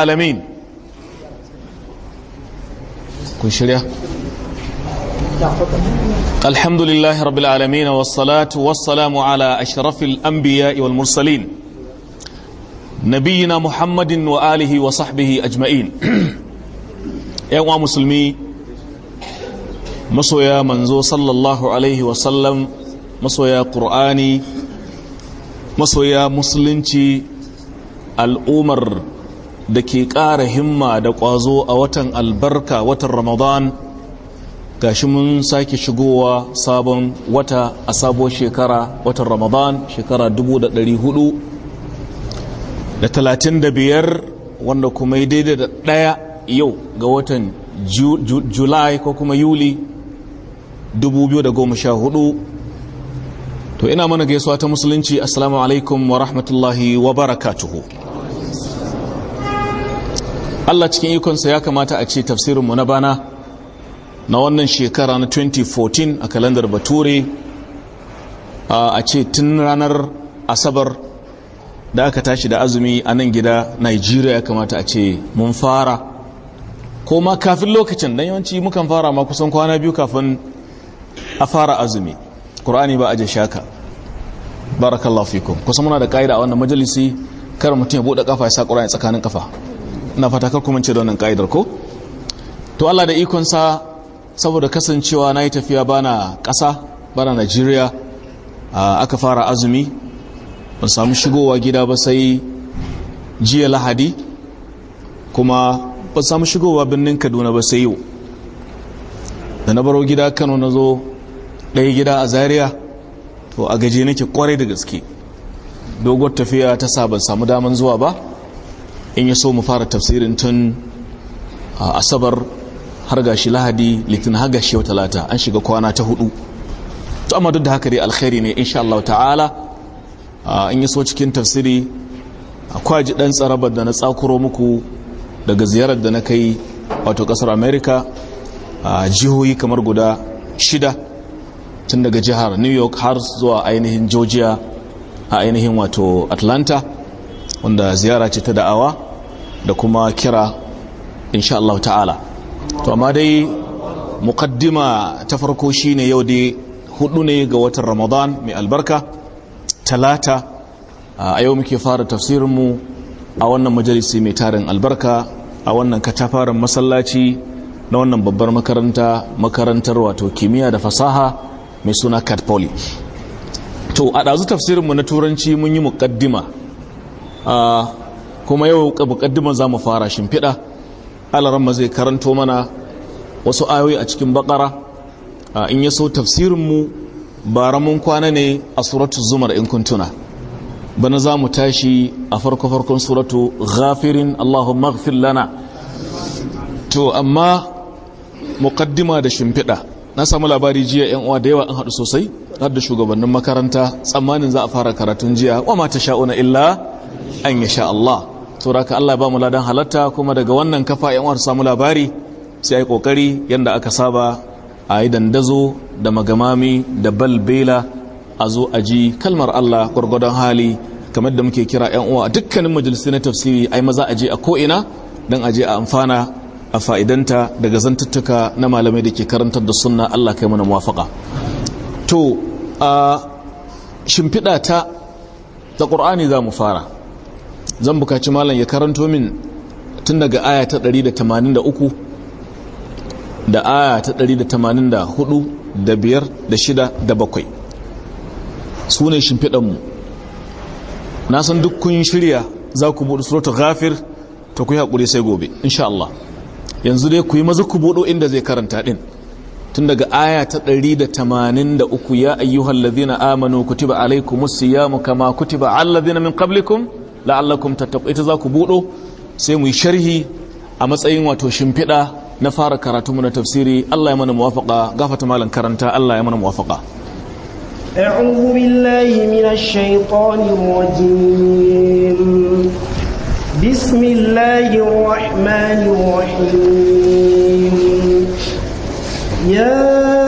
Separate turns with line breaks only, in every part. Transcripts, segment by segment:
alamin kun shirya alhamdulillah rabbil alamin wa salatu wa ala ashrafil anbiya wal mursalin nabiyina muhammadin wa alihi wa sahbihi ajma'in yan uwa musulmi masoya manzo sallallahu alaihi wa sallam masoya qur'ani masoya musulunci al'umar da ke ƙara himma da ƙwazo a watan albarka watan ramadan gashi mun sake shigowa sabon wata a sabon shekara watan ramadan shekara 435 wanda kuma yi daidai da ɗaya yau ga watan julai ko kuma yuli 2014 to ina mana gaisuwa ta musulunci assalamu alaikum wa rahmatullahi wa barakatuhu Allah cikin ikonsa ya kamata a ce tafsirinmu na bana na wannan shekara na 2014 a kalandar bature a ce tun ranar asabar da aka tashi da azumi a nan gida nigeria ya kamata a ce mun fara ko ma kafin lokacin don yawanci mukan fara ma kusan kwana biyu kafin a fara azumi ƙur'ani ba aje shaka barakallahu fikum kusan muna da ƙa'ida a wannan majalisi kar mutum ya buɗe ƙafa ya sa ƙur'ani tsakanin kafa na fata kuma ce da wannan ka'idar ko to Allah da ikonsa saboda kasancewa na yi tafiya bana ƙasa bana Najeriya aka fara azumi ban samu shigowa gida ba sai jiya Lahadi kuma ban samu shigowa birnin Kaduna ba sai yau da na baro gida Kano na zo ɗaya gida a Zariya to a gaje nake kwarai da gaske doguwar tafiya ta sa ban samu daman zuwa ba in ya so mu fara tafsirin tun asabar har gashi lahadi litin har gashi yau talata an shiga kwana ta hudu to amma duk da haka dai alkhairi ne insha Allah ta'ala in ya so cikin tafsiri akwaji ji dan tsarabar da na tsakuro muku daga ziyarar da na kai wato kasar America jihohi kamar guda shida tun daga jihar New York har zuwa ainihin Georgia a ainihin wato Atlanta wanda ziyara ce ta da'awa da kuma kira insha Allah ta'ala to amma dai muqaddima ta farko shine yau dai hudu ne ga watan Ramadan mai albarka talata a yau muke fara tafsirin mu a wannan majalisi mai tarin albarka a wannan katafaren masallaci na wannan babbar makaranta makarantar wato kimiyya da fasaha mai suna katpoli to a ɗazu tafsirinmu na turanci mun yi muƙaddima kuma yau muƙaddimar za mu fara shimfiɗa alaramma zai karanto mana wasu ayoyi a cikin bakara in ya so tafsirinmu bara mun kwana ne a suratu zumar in kuntuna bana za mu tashi a farko-farkon suratu ghafirin allahumma ghafir lana to amma muƙaddima da shimfiɗa na samu labari jiya yan uwa da yawa an haɗu sosai har da shugabannin makaranta tsammanin za a fara karatun jiya wa ma ta sha'una illa an ya sha Allah sauraka Allah ba mu ladan halatta kuma daga wannan kafa yan uwar samu labari sai ai kokari yadda aka saba a yi dandazo da magamami da balbela a zo a ji kalmar Allah gwargwadon hali kamar da muke kira yan uwa dukkanin majalisi na tafsiri ai maza a je a ko'ina don a je a amfana a fa'idanta daga zantattuka na malamai da ke karantar da sunna Allah kai mana muwafaka to a shimfiɗa ta da ƙur'ani za mu fara zan bukaci malam ya karanto min tun daga aya ta 183 da aya ta 184 da biyar da shida da bakwai su ne shimfiɗanmu na san duk kun shirya za ku buɗe suratul ghafir ta ku yi haƙuri sai gobe insha Allah yanzu dai ku yi mazu ku buɗo inda zai karanta ɗin tun daga aya ta 183 ya ayyuhal ladhina amanu kutiba alaikumus siyamu kama kutiba alladhina min qablikum la'allakum tattaqu ita za ku budo sai mu yi sharhi a matsayin wato shimfiɗa na fara karatu mu na tafsiri Allah ya mana muwafaqa gafata malam karanta Allah ya mana muwafaqa
أعوذ بالله من الشيطان الرجيم بسم الله الرحمن الرحيم يا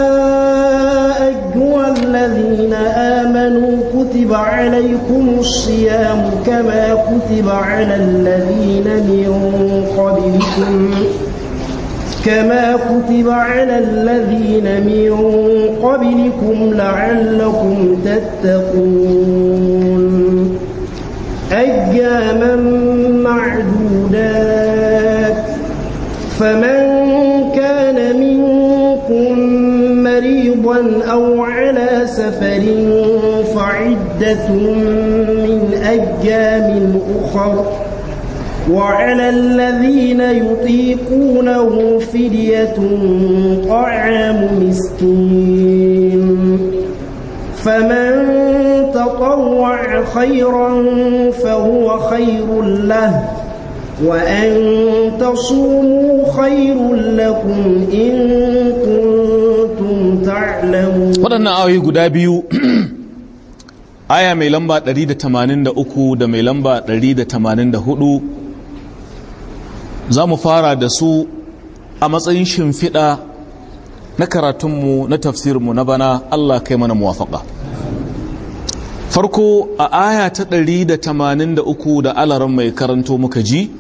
الذين آمنوا كتب عليكم الصيام كما كتب على الذين من قبلكم كما كتب على الذين من قبلكم لعلكم تتقون أياما معدودات فمن كان منكم مريضا أو سفر فعدة من أيام أخر وعلى الذين يطيقونه فدية طعام مسكين فمن تطوع خيرا فهو خير له وأن تصوموا خير لكم إن كنتم waɗannan
ayoyi guda biyu aya mai lamba 183 da mai lamba 184 za mu fara da su a matsayin shimfiɗa na karatunmu na tafsirmu na bana Allah kai mana muwafaƙa farko a aya ta 183 da alaran mai karanto muka ji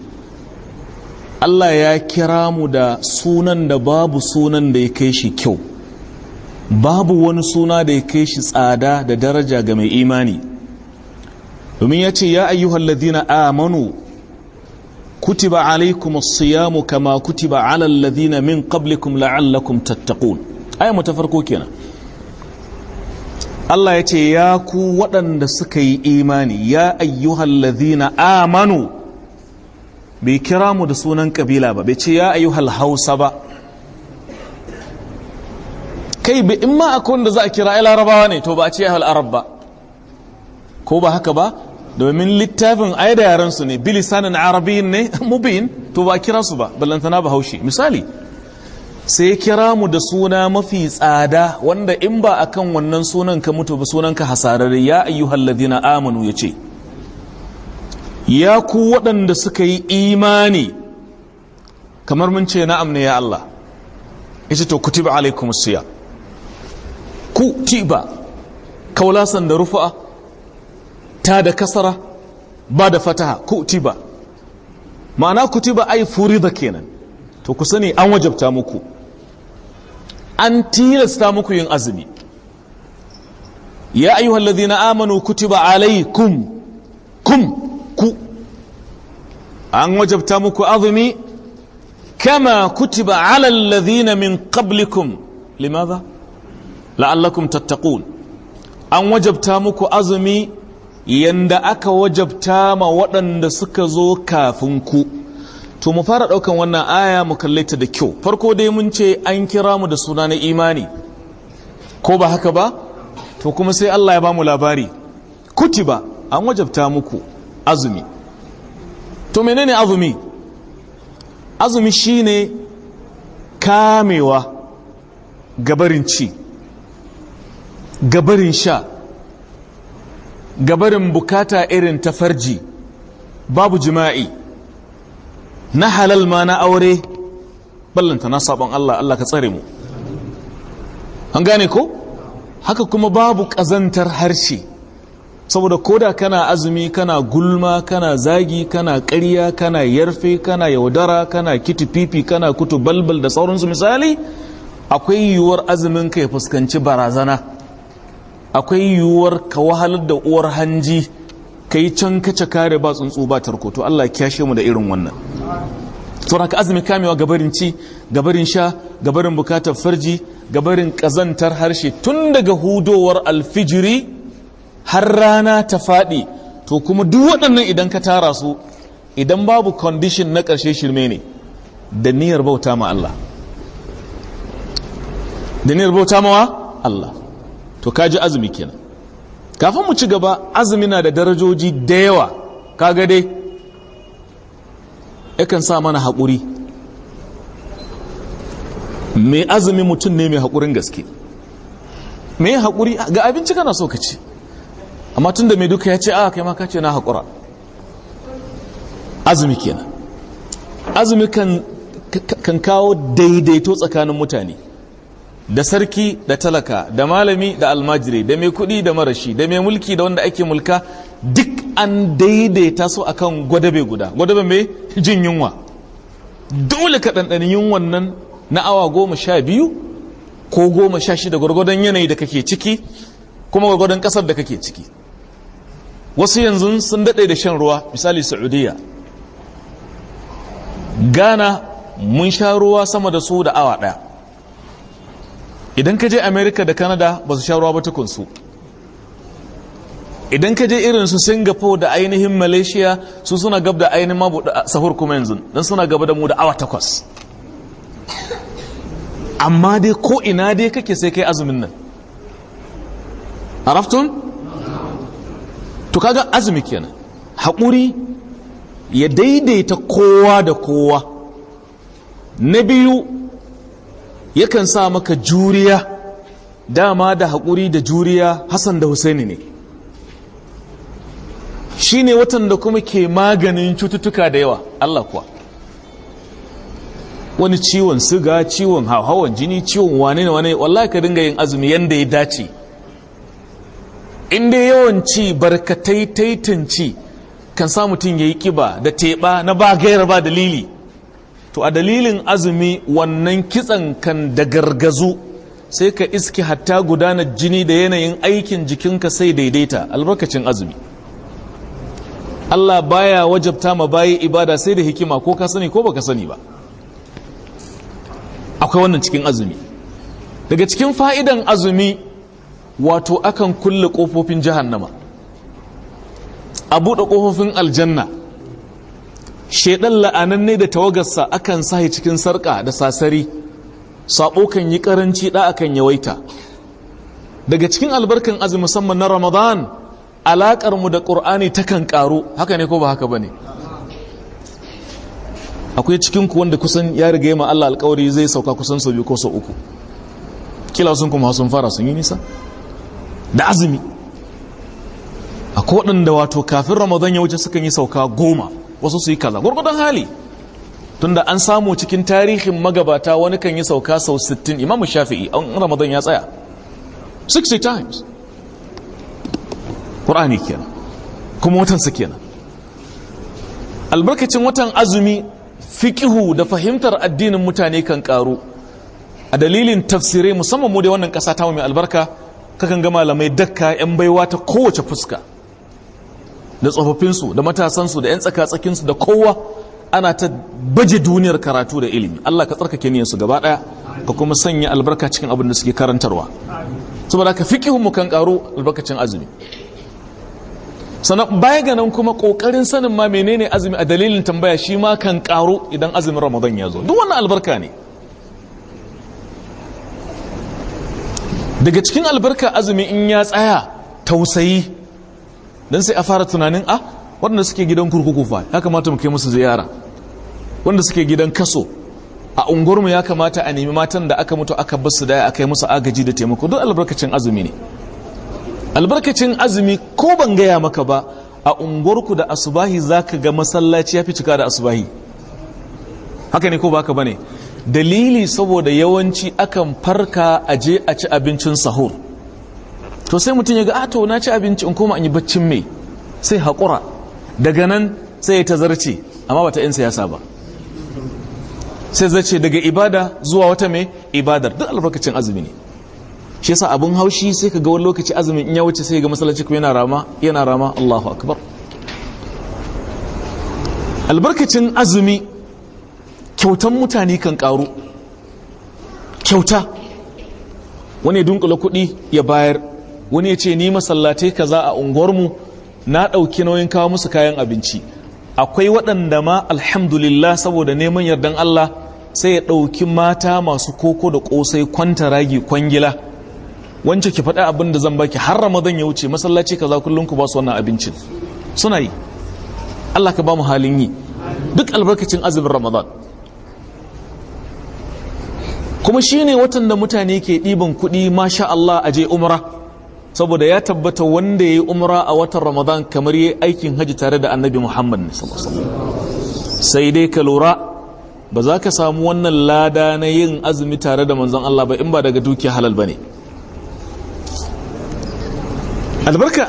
Allah ya kira mu da sunan da babu sunan da ya kai shi kyau babu wani suna da ya kai shi tsada da daraja ga mai imani domin ya ce ya ayyuhal ladina amanu kutiba alaikum siyamu kama kutiba ala ladina min qablikum la'allakum tattaqun aya ta farko kenan Allah ya ce ya ku waɗanda suka yi imani ya ayyuhal ladina amanu bai kira mu da sunan kabila ba bai ce ya ayyuhal hausa ba kai ba in ma akwai wanda za a kira ai larabawa ne to ba a ce ahal arab ba ko ba haka ba domin littafin ai da yaran su ne bilisanin arabiyyin ne mubin to ba a kira su ba ballantana ba misali sai kira mu da suna mafi tsada wanda in ba akan wannan sunan ka mutu ba sunan ka hasararre ya ayyuhal ladina amanu yace ya ku waɗanda suka yi imani kamar mun ce na'am ne ya Allah ita to kutiba alaikumus siyam tiba kaulasan da rufa'a ta da kasara ba da fataha kutiba ma'ana kutiba ai da kenan to ku sani an wajabta muku an tilasta muku yin azumi ya ayyuhal na amanu kutiba alaikum kum ku an wajabta muku azumi kama kutiba ala alladhina min qablikum limadha la'allakum tattaqun an wajabta muku azumi yanda aka wajabta ma waɗanda suka zo kafin ku to mu fara ɗaukan wannan aya mu kalle ta da kyau farko dai mun ce an kira mu da suna na imani ko ba haka ba to kuma sai Allah ya ba mu labari kutiba an wajabta muku azumi to menene azumi azumi shine kamewa gabarin ci gabarin sha gabarin bukata irin ta farji babu jima'i na halal ma na aure ballanta na sabon Allah Allah ka tsare mu an gane ko haka kuma babu ƙazantar harshe saboda koda kana azumi kana gulma kana zagi kana ƙarya kana yarfe kana yaudara kana kiti kitififi kana kutu balbal da sauransu misali akwai yiwuwar azumin ka ya fuskanci barazana akwai yiwuwar ka wahalar da uwar hanji ka yi can kace kare ba tsuntsu ba tarko to Allah ya kyashe mu da irin wannan to haka azumi kamewa gabarin ci gabarin sha gabarin bukatar farji gabarin kazantar harshe tun daga hudowar alfijiri har rana ta faɗi to kuma duk waɗannan idan ka tara su idan babu condition na ƙarshe shirme ne da niyyar bauta ma Allah bauta mawa Allah to ka ji azumi kenan kafin mu ci gaba azumi na da darajoji da yawa ga dai yakan sa mana haƙuri mai azumi mutum ne mai haƙurin gaske mai haƙuri ga abinci kana so ka ci amma tun da mai duka ya ce a ah, kai maka ce na haƙura azumi kenan azumi kan kawo daidaito tsakanin mutane da sarki da talaka da malami da almajiri da mai kuɗi da marashi da mai mulki da wanda ake mulka duk an daidaita su akan gwadabe guda gwadabe mai jin yunwa dole ka ɗanɗanin yunwan nan na awa goma sha biyu ko goma sha shida gwargwadon yanayi da kake ciki kuma gwargwadon ƙasar da kake ciki wasu yanzu sun daɗe da shan ruwa misali saudiya ghana mun sha ruwa sama da su da awa ɗaya idan ka je america da canada ba su sha ruwa ba tukunsu idan ka je irin su singapore da ainihin malaysia su suna gab da ainihin mabuɗa sahur kuma yanzu don suna gaba da mu da awa takwas amma dai ko ina dai kake sai kai azumin nan araftun to kaga azumi kenan haƙuri ya daidaita kowa da kowa na biyu yakan sa maka juriya dama da haƙuri da juriya hassan da husaini ne shi ne watan da kuma ke maganin cututtuka da yawa allah kuwa wani ciwon siga ciwon hawan jini ciwon wane ne wane wallahi ka dinga yin azumi yanda ya dace Inda dai yawan ci barkatai taitanci kan sa mutum ya yi kiba da teɓa na ba gaira ba dalili to a dalilin azumi wannan kitsan kan da gargazu sai ka iske hatta gudanar jini da yanayin aikin jikinka sai daidaita albarkacin azumi Allah baya wajabta ma bayi ibada sai da hikima ko ka sani ko baka sani ba akwai wannan cikin azumi daga cikin fa'idan azumi wato akan kulle ƙofofin jahannama a buɗe ƙofofin aljanna shedan la'ananne da tawagarsa akan sahi cikin sarka da sasari sabo kan yi karanci da akan yawaita daga cikin albarkan azumi musamman na ramadan alakar mu da qur'ani takan karu haka ne ko ba haka bane akwai cikin ku wanda kusan ya riga ma Allah alƙawari zai sauka kusan sau biyu ko sau uku kila sun kuma sun fara sun yi nisa da azumi akwai waɗanda wato kafin ramadan ya wuce sukan yi sauka goma wasu su yi kaza gurgudan hali tunda an samu cikin tarihin magabata wani kan yi sauka sau 60 imamu shafi'i an ramadan ya tsaya 60 times ƙur'ani kenan kuma watansa kenan albarkacin watan azumi fiƙihu da fahimtar addinin mutane kan ƙaru a dalilin tafsirai musamman mu da wannan ƙasa ta mai albarka kakan gama malamai dakka 'yan baiwa ta kowace fuska da tsofaffin su, da matasansu da 'yan tsakatsakinsu da kowa ana ta baje duniyar karatu da ilimi Allah ka tsarkake su gaba daya ka kuma sanya albarka cikin abin da suke karantarwa saboda ka fiqihun mu kan karo albarkacin azumi sannan baya ga nan kuma kokarin sanin ma menene azumi a dalilin tambaya shi ma kan karo idan azumin ramadan ya zo duk wannan albarka ne daga cikin albarka azumi in ya tsaya tausayi dan sai a fara tunanin a ah, waɗanda suke gidan kurkuku fa ya kamata mu kai musu ziyara wanda suke gidan kaso a unguwarmu ya kamata a nemi matan da aka mutu aka basu daya a kai musu agaji da taimako don albarkacin azumi ne albarkacin azumi ko ban gaya maka ba a unguwarku da asubahi za ka ga masallaci ya fi cika da asubahi haka ne ko ba ka ba ne dalili saboda yawanci akan farka a je a ci abincin sahur to sai mutum ya ga a ah, to na ci abinci in koma in yi baccin mai sai haƙura daga nan sai ya tazarci amma ba ta 'yan siyasa ba sai zace daga ibada zuwa wata mai ibadar duk albarkacin azumi ne shi yasa abun haushi sai ka ga wani lokaci azumi in ya wuce sai ga masallaci kuma yana rama yana rama Allahu akbar albarkacin azumi kyautan mutane kan karu kyauta wani dunkula kuɗi ya bayar wani ya ce ni masallatai kaza a unguwarmu na ɗauki nauyin kawo musu kayan abinci akwai waɗanda ma alhamdulillah saboda neman yardan Allah sai ya ɗauki mata masu koko da ƙosai kwanta ragi kwangila wance ki faɗa abin da zan baki har ramadan ya wuce masallaci kaza kullum ku ba su wannan abincin suna yi Allah ka ba mu halin yi duk albarkacin azumin ramadan kuma shine watan da mutane ke ɗiban kuɗi masha Allah a je umra saboda ya tabbata wanda ya yi umra a watan ramadan kamar ya aikin hajji tare da annabi muhammad sai dai ka lura ba za ka samu wannan lada na yin azumi tare da manzon allah ba in ba daga dukiya halal ba ne albarkar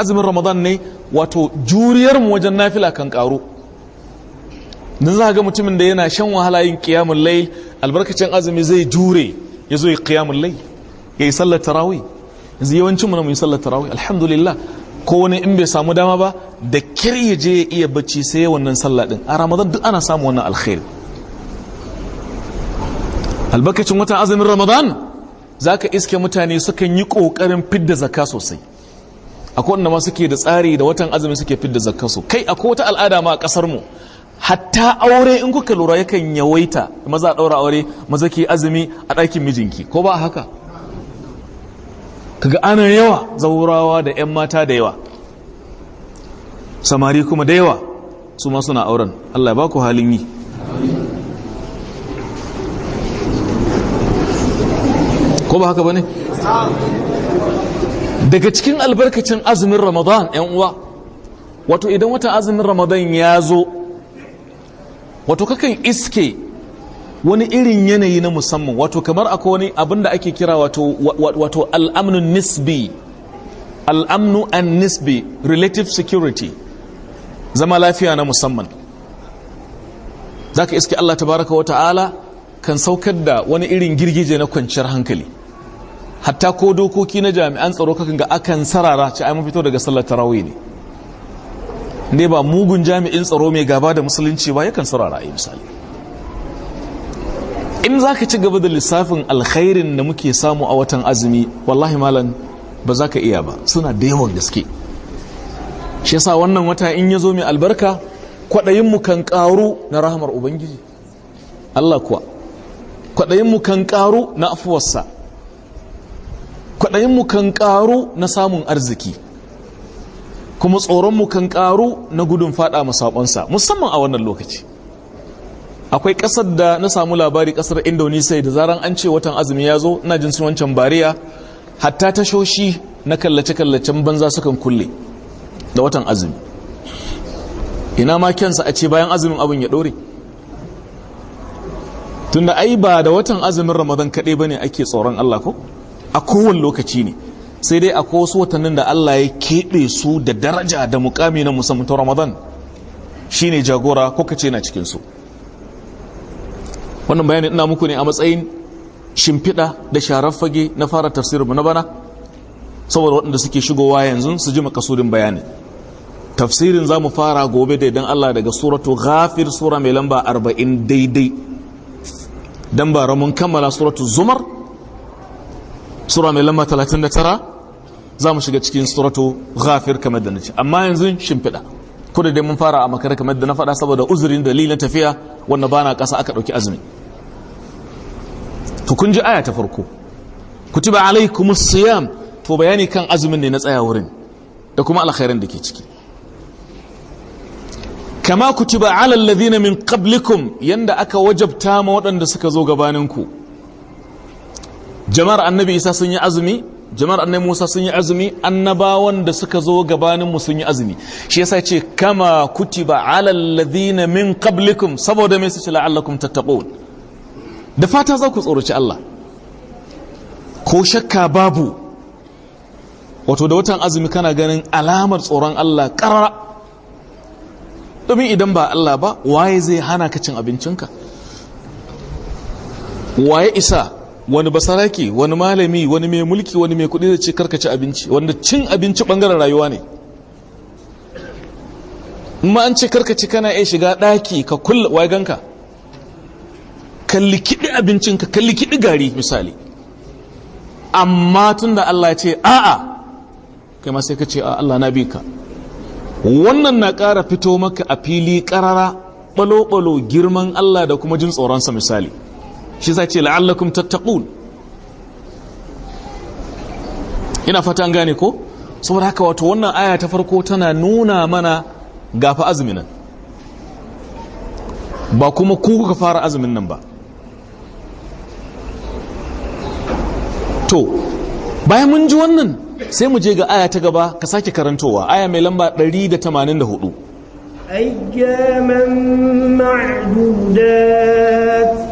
azumin ramadan ne wato mu wajen nafila kan karu don za ga mutumin da yana shan wahala yin kiyamun albarkacin azumi zai jure ya zo ya kiyamun ya yi sallar tarawih yanzu yawancin mu na mun sallar tarawih alhamdulillah ko wani in bai samu dama ba da kyar ya je ya iya bacci sai wannan sallah din a ramadan duk ana samu wannan alkhairi albarkacin watan azumin ramadan zaka iske mutane sukan yi kokarin fidda zakka sosai akwai wanda ma suke da tsari da watan azumi suke fidda zakka su kai akwai wata al'ada ma a kasar mu hatta aure in kuka lura yakan yawaita maza daura aure maza ke azumi a ɗakin mijinki ko ba haka kaga ana yawa zaurawa da 'yan mata da yawa samari kuma da yawa su ma suna auren Allah ba ku halin yi ko ba haka ba ne daga cikin albarkacin azumin ramadan 'yan uwa wato idan wata azumin ramadan ya zo wato kakan iske wani irin yanayi na musamman wato kamar akwai wani abin da ake kira wato wato al'amnu nisbi al'amnu an nisbi relative security zama lafiya na musamman zaka iske Allah ta baraka wa ta'ala kan saukar da wani irin girgije na kwanciyar hankali hatta ko dokoki na jami'an tsaro kakan ga akan sarara ci ai mun fito daga sallar tarawih ne ne ba mugun jami'in tsaro mai gaba da musulunci ba yakan sarara ai misali in za ka ci gaba da lissafin alkhairin da muke samu a watan azumi wallahi malam ba za ka iya ba suna da yawan gaske shi yasa wannan wata in ya zo mai albarka kwaɗayinmu kan ƙaru na rahamar ubangiji allah kuwa kwaɗayinmu kan ƙaru na afuwarsa kwaɗayinmu kan ƙaru na samun arziki kuma tsoronmu kan ƙaru na gudun faɗa masaɓonsa musamman a wannan lokaci akwai ƙasar da na samu labari kasar indonesia da zaran an ce watan azumi ya zo na jin wancan bariya hatta tashoshi na kallace-kallacen banza sukan kulle da watan azumi ina ma kyansa a ce bayan azumin abin ya ɗore tunda ai ba da watan azumin ramadan kaɗai ba ne ake tsoron allah ko a kowane lokaci ne sai dai akwai wasu watannin da Allah ya keɓe su da daraja da mukami na musamman ta Ramadan shine jagora ko kace na cikinsu? su wannan bayanin ina muku ne a matsayin shimfiɗa da sharar fage na fara tafsirin tafsirinmu na bana saboda waɗanda suke shigowa yanzu su ji makasudin bayani tafsirin za mu fara gobe da idan Allah daga suratu ghafir sura mai lamba arba'in daidai don ba mun kammala suratu zumar sura mai lamba talatin da tara, za mu shiga cikin suratu ghafir kamar da na ce amma yanzu shimfiɗa da dai mun fara a makare kamar da na faɗa saboda uzurin dalilin tafiya wanda bana ƙasa aka ɗauki azumi to kun ji aya ta farko kutiba alaikumus siyam to bayani kan azumin ne na tsaya wurin da kuma alkhairan da ke ciki kama kutiba ala alladhina min qablikum yanda aka wajabta ma waɗanda suka zo gabaninku jama'ar annabi isa sun yi azumi jama'ar annai musa sun yi azumi annabawan da suka zo mu sun yi azumi shi yasa ce kama kutiba alal ladina min qablikum saboda mai su la'allakum tattaqun da fata za ku tsoroci Allah ko shakka babu wato da watan azumi kana ganin alamar tsoron Allah karara domin idan ba Allah ba waye zai hana ka cin abincinka waye isa wani basaraki wani malami wani mai mulki wani mai kudi da ce karkace abinci wanda cin abinci bangaren rayuwa ne ma an ce karkaci kana iya shiga daki ka kulla waganka kalli kidi abincinka kalli kidi gari misali amma tun da Allah ya ce a'a kai ma sai ka ce a Allah na bi ka wannan na ƙara fito maka a fili karara ɓalo-ɓalo girman Allah da kuma jin tsoronsa misali shi sa ce la'allakum tattaqun ina fata gane ko saboda haka wato wannan aya ta farko tana nuna mana gafa azumin nan ba kuma ku kuka fara azumin nan ba to bayan mun ji wannan sai mu je ga aya ta gaba ka sake karantowa aya mai lamba 184
ayyaman ma'dudat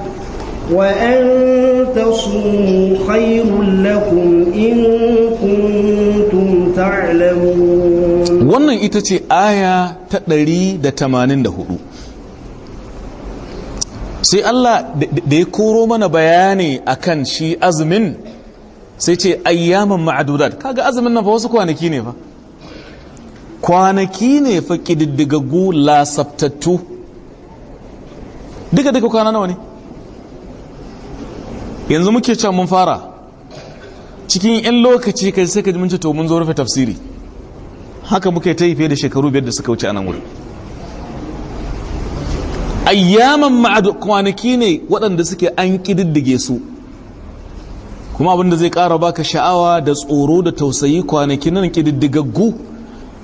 وأن تصوموا خير لكم إن كنتم تعلمون
wannan ita ce aya ta hudu sai Allah da ya koro mana bayani akan shi azumin sai ce ayyaman ma'adudat kaga azumin nan fa wasu kwanaki ne fa kwanaki ne fa kididdigaggu lasabtattu duka duka kwana nawa ne yanzu muke can mun fara cikin 'yan lokaci kai sai ka ji mun ce to mun zo rufe tafsiri haka muke ta yi da shekaru biyar da suka wuce a nan wuri ayyaman ma'adu kwanaki ne waɗanda suke an ƙididdige su kuma abinda zai ƙara baka sha'awa da tsoro da tausayi kwanaki nan ƙididdigaggu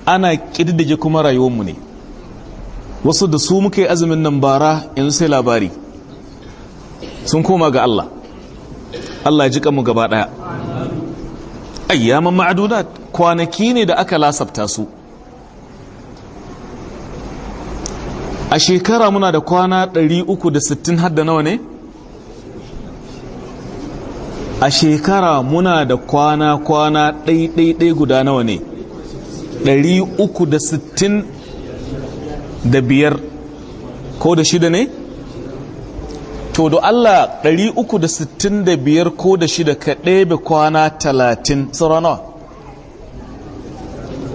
ana ƙididdige kuma rayuwarmu ne wasu da su muka yi azumin nan bara yanzu sai labari sun koma ga Allah Allah ya ji kanmu gaba daya ayyaman ma'adudat kwanaki ne da aka lasafta su a shekara muna da kwana 360 hadda nawa ne a shekara muna da kwana kwana ɗaiɗaiɗai guda nawa ne 360 da biyar ko da shida ne to do Allah 365 ko da shida ka ɗebe kwana 30 saurana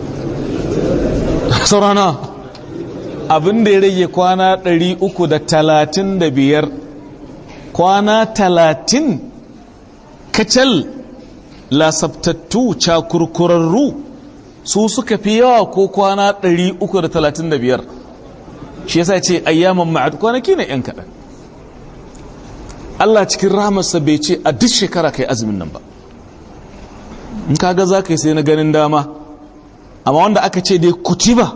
saurana abin da ya rage kwana 335 kwana 30 kacal lasabtattu cakurkurarru su suka fi yawa ko kwana 335 shi yasa ce ayyaman ma'ad kwanaki ne 'yan kaɗan Allah cikin rahamarsa bai ce a duk shekara kai azumin nan ba in kaga za ka yi sai na ganin dama amma wanda aka ce dai ba.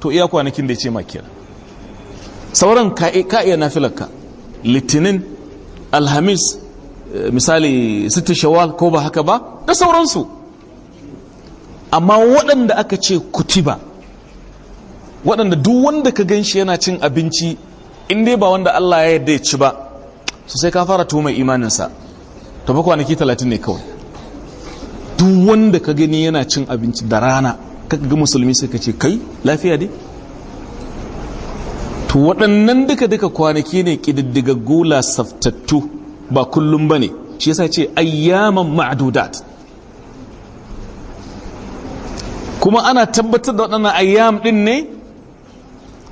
to iya kwanakin da ya ce makiyar sauran ka iya filarka litinin alhamis eh, misali sitin shawal ko ba haka ba da sauransu amma waɗanda aka ce ba, waɗanda duk wanda ka gan shi yana cin abinci in dai ba wanda Allah ya yarda ya ci ba so sai ka fara mai imaninsa ta ba kwanaki talatin ne kawai duk wanda ka gani yana cin abinci da rana ka ga musulmi sai ka ce kai lafiya dai to waɗannan duka duka kwanaki ne ƙididdiga gula saftattu ba kullum ba ne shi yasa ce ayyaman ma'adudat kuma ana tabbatar da waɗannan ayyam ɗin ne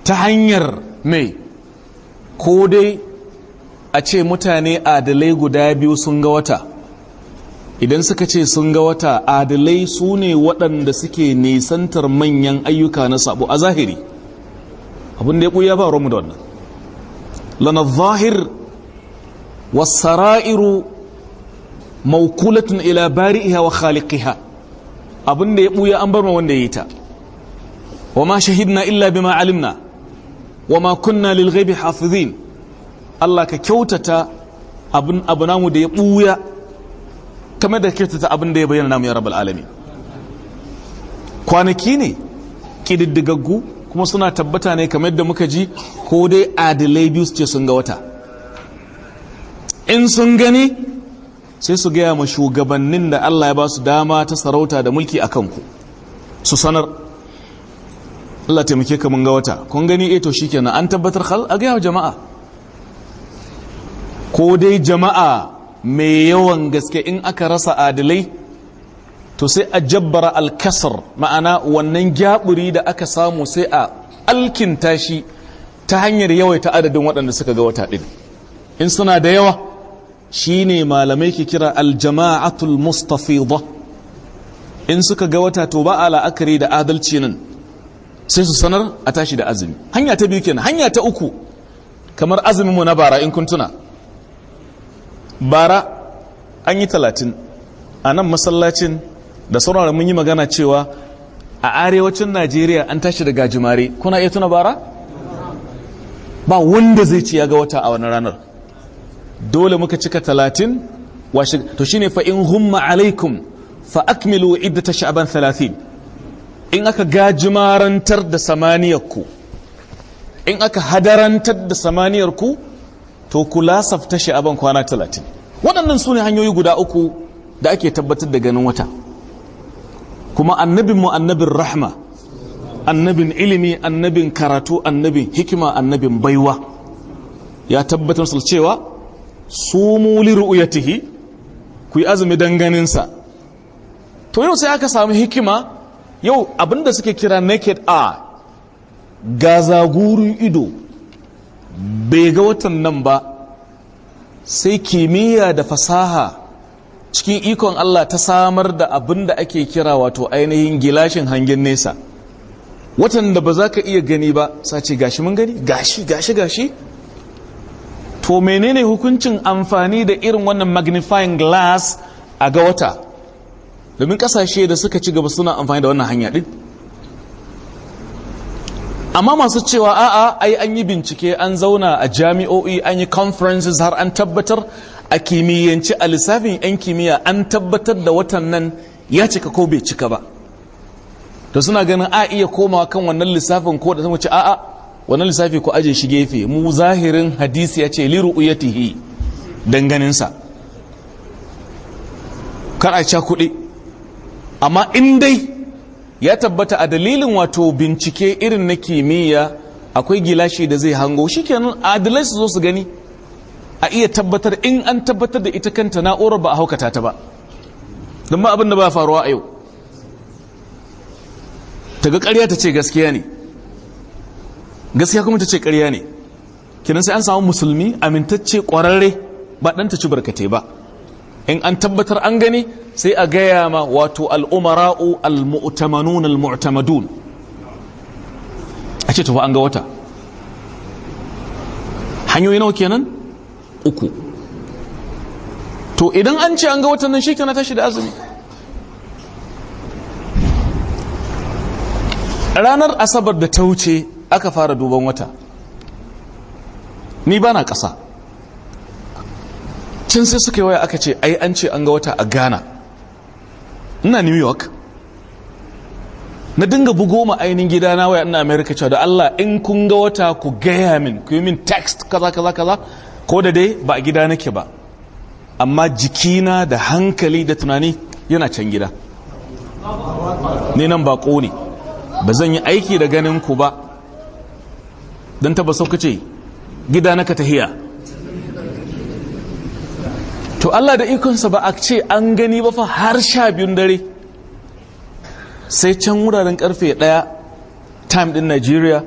ta hanyar mai ko dai a ce mutane adalai guda biyu sun ga wata idan suka ce sun ga wata adalai su ne waɗanda suke nisantar manyan ayyuka na sabo a zahiri abin da ya ƙuya ba mu da wannan lana zahir wasara'iru maukulatun ila bari'iha wa khaliqiha abin da ya ɓuya an bar ma wanda ya yi ta wa ma shahidna illa bima alimna wa ma kunna lil ghaibi hafizin Allah ka kyautata abin abu namu da ya buya kamar da kyautata abin da ya bayyana namu ya rabbal alamin kwanaki ne kididdigaggu kuma suna tabbata ne kamar da muka ji ko dai adilai biyu su ce sun ga wata in sun gani sai su gaya ma shugabannin da Allah ya ba su dama ta sarauta da mulki a kanku su sanar Allah taimake ka mun ga wata kun gani eto eh shikenan an tabbatar hal a gaya jama'a ko dai jama'a mai yawan gaske in aka rasa adalai to sai a jabbara alkasar ma'ana wannan gyaburi da aka samu sai a alkinta shi ta hanyar yawaita adadin waɗanda suka ga wata ɗin in suna da yawa shine malamai ke kira aljama'atul mustafida in suka ga wata to ba a la'akari da adalci nan sai su sanar a tashi da azumi hanya ta biyu kenan hanya ta uku kamar azumin mu na bara in kun tuna bara an yi talatin a nan masallacin da sauran mun yi magana cewa a arewacin najeriya an tashi da gajimare kuna iya tuna bara ba wanda zai ci ya ga wata a wani ranar dole muka cika talatin to shine fa in humma alaikum fa akmilu ta sha'aban talatin in aka gajimarantar da samaniyarku in aka hadarantar da samaniyarku to kula safta sha'aban kwana talatin waɗannan su ne hanyoyi guda uku da ake tabbatar da ganin wata kuma annabin mu annabin rahma annabin ilimi annabin karatu annabin hikima annabin baiwa ya tabbatar su cewa su muli ru'uyatihi ku yi azumi don ganinsa to yau sai aka samu hikima yau abinda suke kira naked eye gazaguru ido bai ga watan nan ba sai kimiyya da fasaha cikin ikon Allah ta samar da abin da ake kira wato ainihin gilashin hangen nesa watan da ba za ka iya gani ba sace gashi mun gani gashi gashi gashi to menene hukuncin amfani da irin wannan magnifying glass a ga wata domin kasashe da suka ci gaba suna amfani da wannan hanya din amma masu cewa a'a ai an yi bincike an zauna a jami'o'i an yi conferences har an tabbatar a kimiyyance a lissafin 'yan kimiyya an tabbatar da watan nan ya cika ko bai cika ba to suna ganin a iya komawa kan wannan lissafin ko da ce a'a wannan lissafi ko aje shi gefe mu zahirin hadisi ya ce liru uyatihi danganinsa kar a ca kuɗi amma in dai ya tabbata a dalilin wato bincike irin na kimiyya akwai gilashi da zai hango shikenan adalai su zo su gani a iya tabbatar in an tabbatar da ita kanta na'urar ba a haukata ta ba don ma abin da ba faruwa a yau ta ga ƙarya ta ce gaskiya ne gaskiya kuma ta ce ƙarya ne kinan sai an samu musulmi amintacce ƙwararre ba ɗan ta ci barkatai ba in an tabbatar an gani sai a gaya ma wato al'umara'u al’utamanun al’utamadun a ce tafi an ga wata hanyoyi nawa kenan uku to idan an ce an ga watan nan shi kana tashi da azumi ranar asabar da ta wuce aka fara duban wata ni bana ƙasa Cin sai suka yi waya aka ce ai an ce an ga wata a ghana ina new york na dinga bugo ma ainihin gida na waya ina america cewa da allah in kun ga wata ku gaya min ku yi min text kaza kaza kaza ko da dai ba a gida nake ba amma jikina da hankali da tunani yana can gida ni nan bako ne ba zan yi aiki da ganin ku ba don taba sauka ce gida na ka tahiya to Allah da ikonsa ba a ce an gani ba fa har sha biyun dare sai can wuraren karfe daya time din Nigeria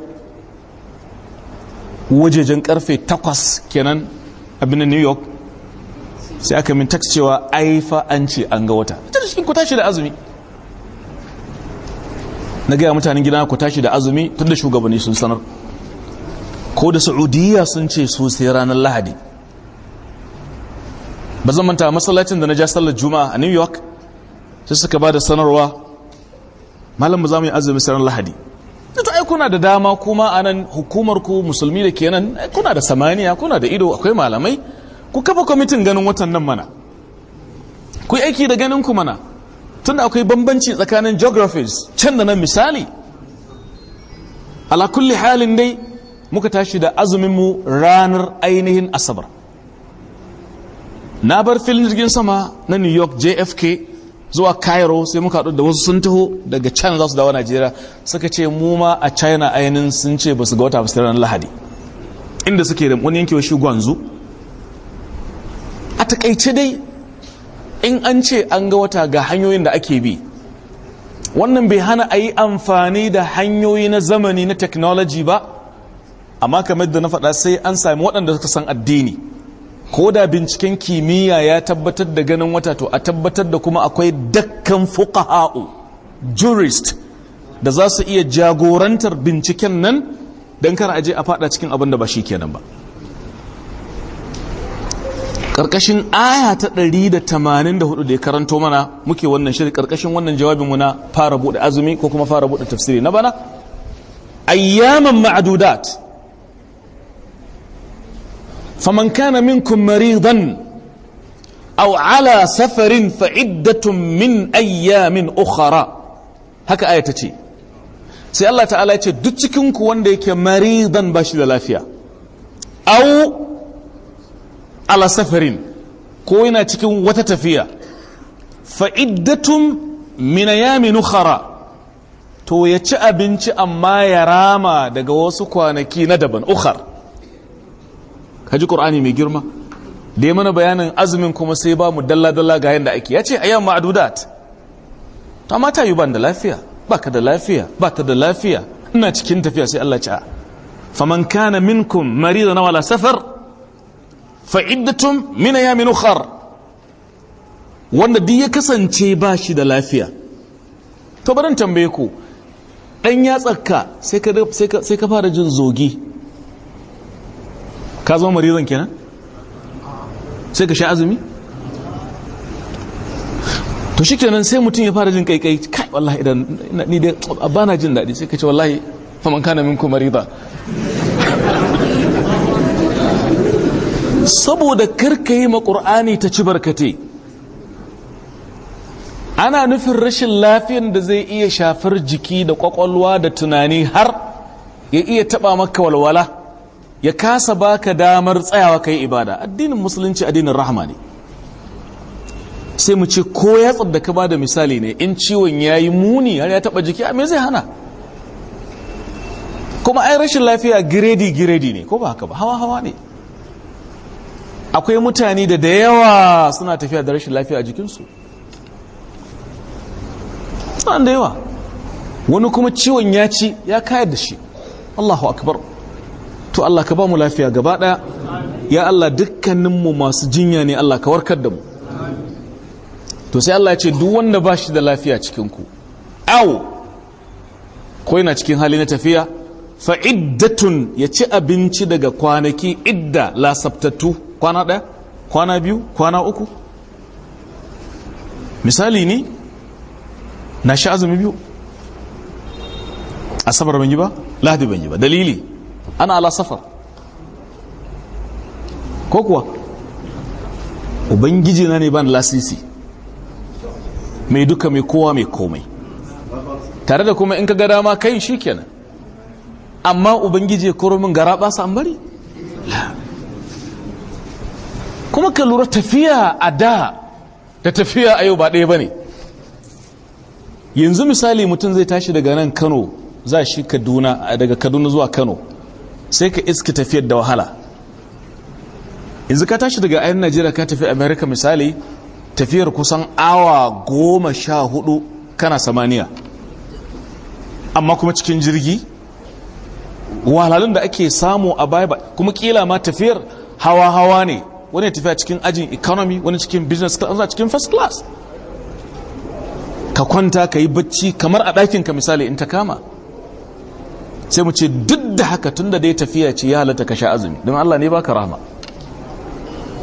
wajejen karfe takwas kenan abin da New York sai aka min tax cewa aifa an ce an ga wata ta cikin ku tashi da azumi na gaya mutanen gida ku tashi da azumi tun da shugabanni sun sanar ko da saudiya sun ce su sai ranar lahadi ba zan manta masallacin da na ja sallar juma'a a new york sai suka ba da sanarwa malam mu za mu yi azumi sanar lahadi to ai kuna da dama kuma a nan hukumar ku musulmi da ke nan kuna da samaniya kuna da ido akwai malamai ku kafa kwamitin ganin watan nan mana ku yi aiki da ganin ku mana tunda akwai bambanci tsakanin geographies can da nan misali ala kulli halin dai muka tashi da azumin mu ranar ainihin asabar na bar filin jirgin sama na new york jfk zuwa cairo sai muka haɗu da wasu sun taho daga china za su dawo najeriya suka ce mu ma a china ainihin sun ce ba su ga wata ba su ranar lahadi inda suke da wani yankewa shi gwanzu a takaice dai in an ce an ga wata ga hanyoyin da ake bi wannan bai hana a yi amfani da hanyoyi na zamani na technology ba amma kamar da na faɗa sai an sami waɗanda suka san addini ko da binciken kimiyya ya tabbatar da ganin wata to a tabbatar da kuma akwai dakkan fuqaha'u jurist da za su iya jagorantar binciken nan don kar je a fada cikin abin da ba shi kenan ba ƙarƙashin aya ta 184 da ya karanto mana muke wannan shirin ƙarƙashin wannan jawabin muna fara buɗe azumi ko kuma fara buɗe tafsiri na bana ayyaman ma'adudat فمن كان منكم مريضا أو على سفر فعدة من أيام أخرى هكا آية تتي سي الله تعالى يتي دتكنك وانديك مريضا باشد لافيا أو على سفر كوينة تكون وتتفيا فعدة من أيام أخرى to ya ci abinci amma ya rama daga wasu kwanaki na daban ukhar ka ji ƙur'ani mai girma da ya mana bayanin azumin kuma sai ba mu dalla-dalla ga yadda ake ya ce a yamma adudat ta mata yi ban da lafiya ba ka da lafiya ba ta da lafiya ina cikin tafiya sai Allah ce a faman kana minkum marida na wala safar fa iddatum min ukhar wanda duk ya kasance ba shi da lafiya to barin tambaye ku dan ya sai ka sai ka fara jin zogi ka zama maridan kenan sai ka sha azumi to shi kenan sai mutum ya fara jin kaikai kai wallahi idan ni dai ba na jin daɗi sai ka ce wallahi faman kana minku marida saboda karka yi maƙur'ani ta ci barkate ana nufin rashin lafiyan da zai iya shafar jiki da ƙwaƙwalwa da tunani har ya iya taɓa maka walwala ya kasa baka damar tsayawa kai ibada addinin musulunci addinin rahama ne sai mu ce ko ya da ka ba da misali ne in ciwon ya yi muni har ya taba jiki a me zai hana kuma ai rashin lafiya giredi giredi ne ko ba haka ba hawa hawa ne akwai mutane da da yawa suna tafiya da rashin lafiya a jikinsu da yawa wani kuma ciwon ya ci ya kayar da shi allahu akbar to Allah ka ba mu lafiya gaba daya ya Allah dukkaninmu masu jinya ne Allah ka warkar da mu to sai Allah ya ce duk wanda ba shi da lafiya cikin ku au ko yana cikin hali na tafiya fa iddatun ya ci abinci daga kwanaki idda sabtatu kwana daya kwana biyu kwana uku misali ni na sha azumi biyu asabar ban yi ba lahadi ban yi ba dalili ana ala safar ko kuwa ubangiji na ne ban lasisi mai duka mai kowa mai komai tare da kuma in ka ga dama kai shi kenan amma ubangiji ya koro min gara ba ambari kuma ka lura tafiya a da da tafiya a yau ba ɗaya ba ne yanzu misali mutum zai tashi daga nan kano za shi kaduna daga kaduna zuwa kano sai ka iska tafiyar da wahala yanzu ka tashi daga ayin najeriya ka tafi america misali tafiyar kusan awa goma sha hudu kana samaniya amma kuma cikin jirgi wahalhalun da ake samu a baya kuma kila ma tafiyar hawa-hawa ne wani tafiya cikin ajin economy wani cikin business class wani cikin first class ka kwanta ka yi bacci kamar a ɗakinka misali in ta kama sai mu ce duk da haka tun da dai tafiya ce ya halatta ka sha azumi don Allah ne baka rahama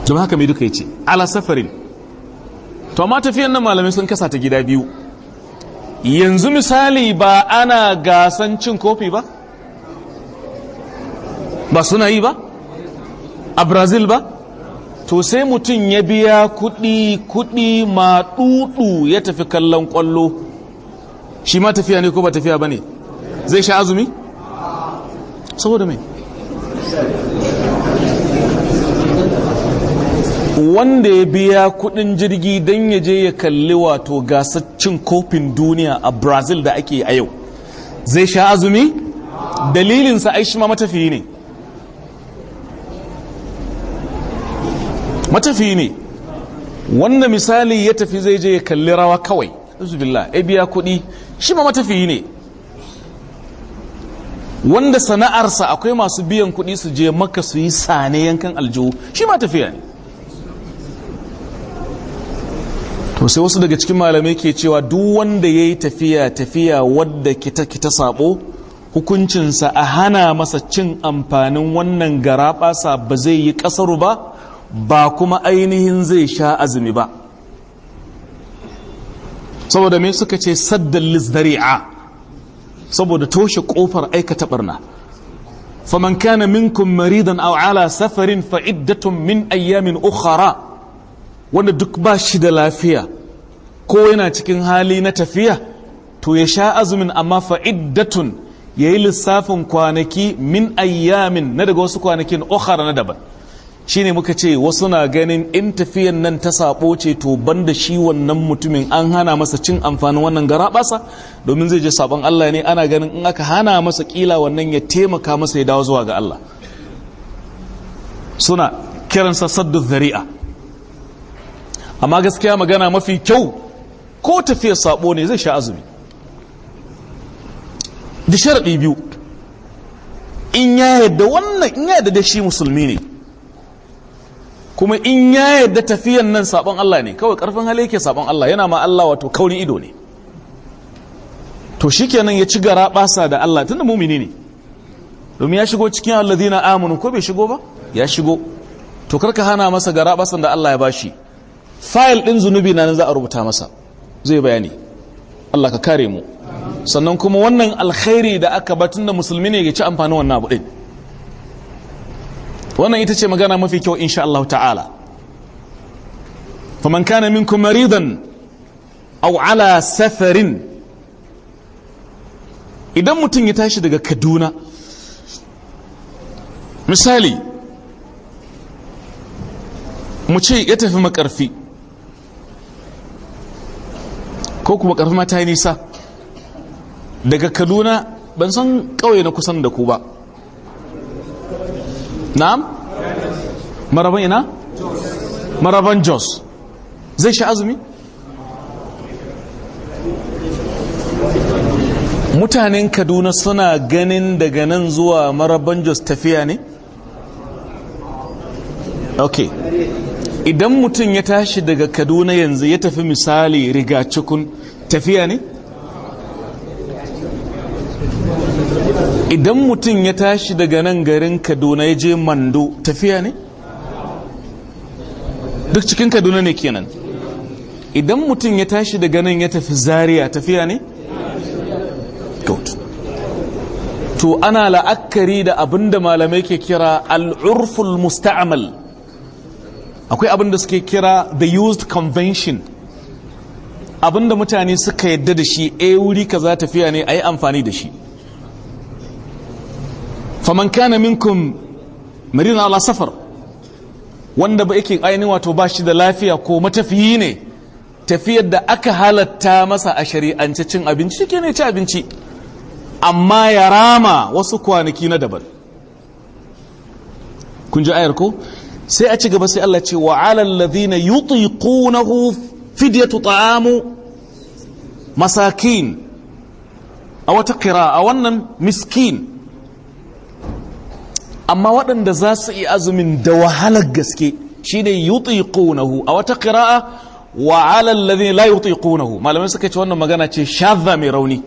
don haka mai duka ya ce ala safarin to amma tafiyan nan malamai sun kasa ta gida biyu yanzu misali ba ana gasan cin kofi ba ba suna yi ba a brazil ba to sai mutum ya biya kudi kudi ma dudu ya tafi kallon kwallo shi ma tafiya ne ko ba tafiya ba ne zai sha azumi saboda mai wanda ya biya kudin jirgi don ya je ya kalli wato gasar cin kofin duniya a brazil da ake a yau zai sha azumi dalilinsa ai shi ma matafiyi ne matafiyi ne wanda misali ya tafi zai je ya kalli rawa kawai ya biya kudi shi ma matafiyi ne wanda sana'arsa akwai masu biyan kuɗi su je maka su yi sane yankan aljihu shi ma tafiya ne to sai wasu daga cikin malamai ke cewa duk wanda ya yi tafiya tafiya wadda kita kita sabo hukuncinsa a hana masa cin amfanin wannan garaɓasa ba zai yi ƙasaru ba ba kuma ainihin zai sha azumi ba saboda me suka ce saddan lizdari'a saboda toshe kofar aikata barna faman kana minkum maridan aw ala safarin fa iddatun min ayyamin ukhra wanda duk ba shi da lafiya ko yana cikin hali na tafiya to ya sha azumin amma fa iddatun yayi lissafin kwanaki min ayyamin na daga wasu kwanakin ukhra na daban shine muka ce wasu na ganin in tafiyan nan ta sabo ce to banda shi wannan mutumin an hana masa cin amfanin wannan garabasa domin zai je sabon Allah ne ana ganin in aka hana masa kila wannan ya taimaka masa ya dawo zuwa ga Allah suna kiransa saddu zari'a amma gaskiya magana mafi kyau ko tafiyar sabo ne zai sha azumi da sharaɗi biyu in ya yadda wannan in ya yadda da shi musulmi ne kuma in ya yarda tafiyan nan sabon Allah ne kawai karfin hali yake sabon Allah yana ma Allah wato kaurin ido ne to shikenan ya ci gara basa da Allah tunda mumini ne domin ya shigo cikin alladhina amanu ko bai shigo ba ya shigo to karka hana masa gara basan da Allah ya bashi fayil din zunubi na nan za a rubuta masa zai bayani Allah ka kare mu sannan kuma wannan alkhairi da aka batun da musulmi ne ya ci amfani wannan abu din wannan ita ce magana mafi kyau insha Allah ta'ala faman kana minkum maridan aw ala safarin idan mutum ya tashi daga Kaduna misali mu ce ya tafi makarfi ko kuma karfi ma ta nisa daga Kaduna ban san kauye na kusan da ku ba na'am maraban ina maraban jos zai sha azumi mutanen kaduna suna ganin daga nan zuwa maraban jos tafiya ne ok idan mutum ya tashi daga kaduna yanzu ya tafi misali rigacikun tafiya ne idan mutum ya tashi daga nan garin kaduna ya je mando tafiya ne duk cikin kaduna ne kenan idan mutum ya tashi daga nan ya tafi Zariya tafiya ne to ana la'akari da abinda malamai ke kira al'urful musta'amal akwai abinda suke kira the used convention abinda mutane suka yadda da shi a eh, wuri ka za tafiya ne a yi amfani da shi faman kana minkum marina ala safar wanda ba yake ainihin wato ba shi da lafiya ko matafiyi ne tafiyar da aka halatta masa a shari'ance cin abinci ke ne ci abinci amma ya rama wasu kwanaki na daban kun ji ayar ko sai a ci gaba sai Allah ce wa alal ladhina yutiqunahu fidyatu ta'amu masakin a wata a wannan miskin amma waɗanda za su yi azumin da wahalar gaske shine yutiqunahu a wata ƙira'a wa 'ala alladhi la yutiqunahu malamai suka ce wannan magana ce shadha mai rauni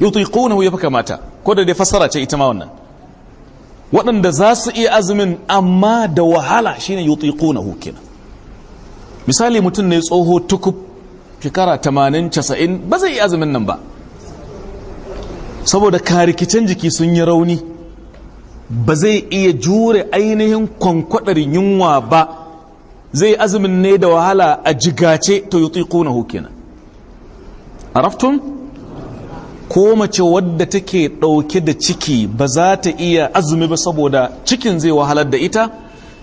yutiqunahu ya fi kamata? ko da dai fassara ce ita ma wannan waɗanda za su iya azumin amma da wahala shine yutiqunahu kenan misali mutum ne tsoho tukub shekara 80 90 ba zai yi azumin nan ba saboda karikicen jiki sun yi rauni ba zai iya jure ainihin kwankwadar yunwa ba zai azumin ne da wahala a jigace to yi tsiko na hukina raftun ko mace wadda take ɗauke da ciki ba za ta iya azumi ba saboda cikin zai wahalar da ita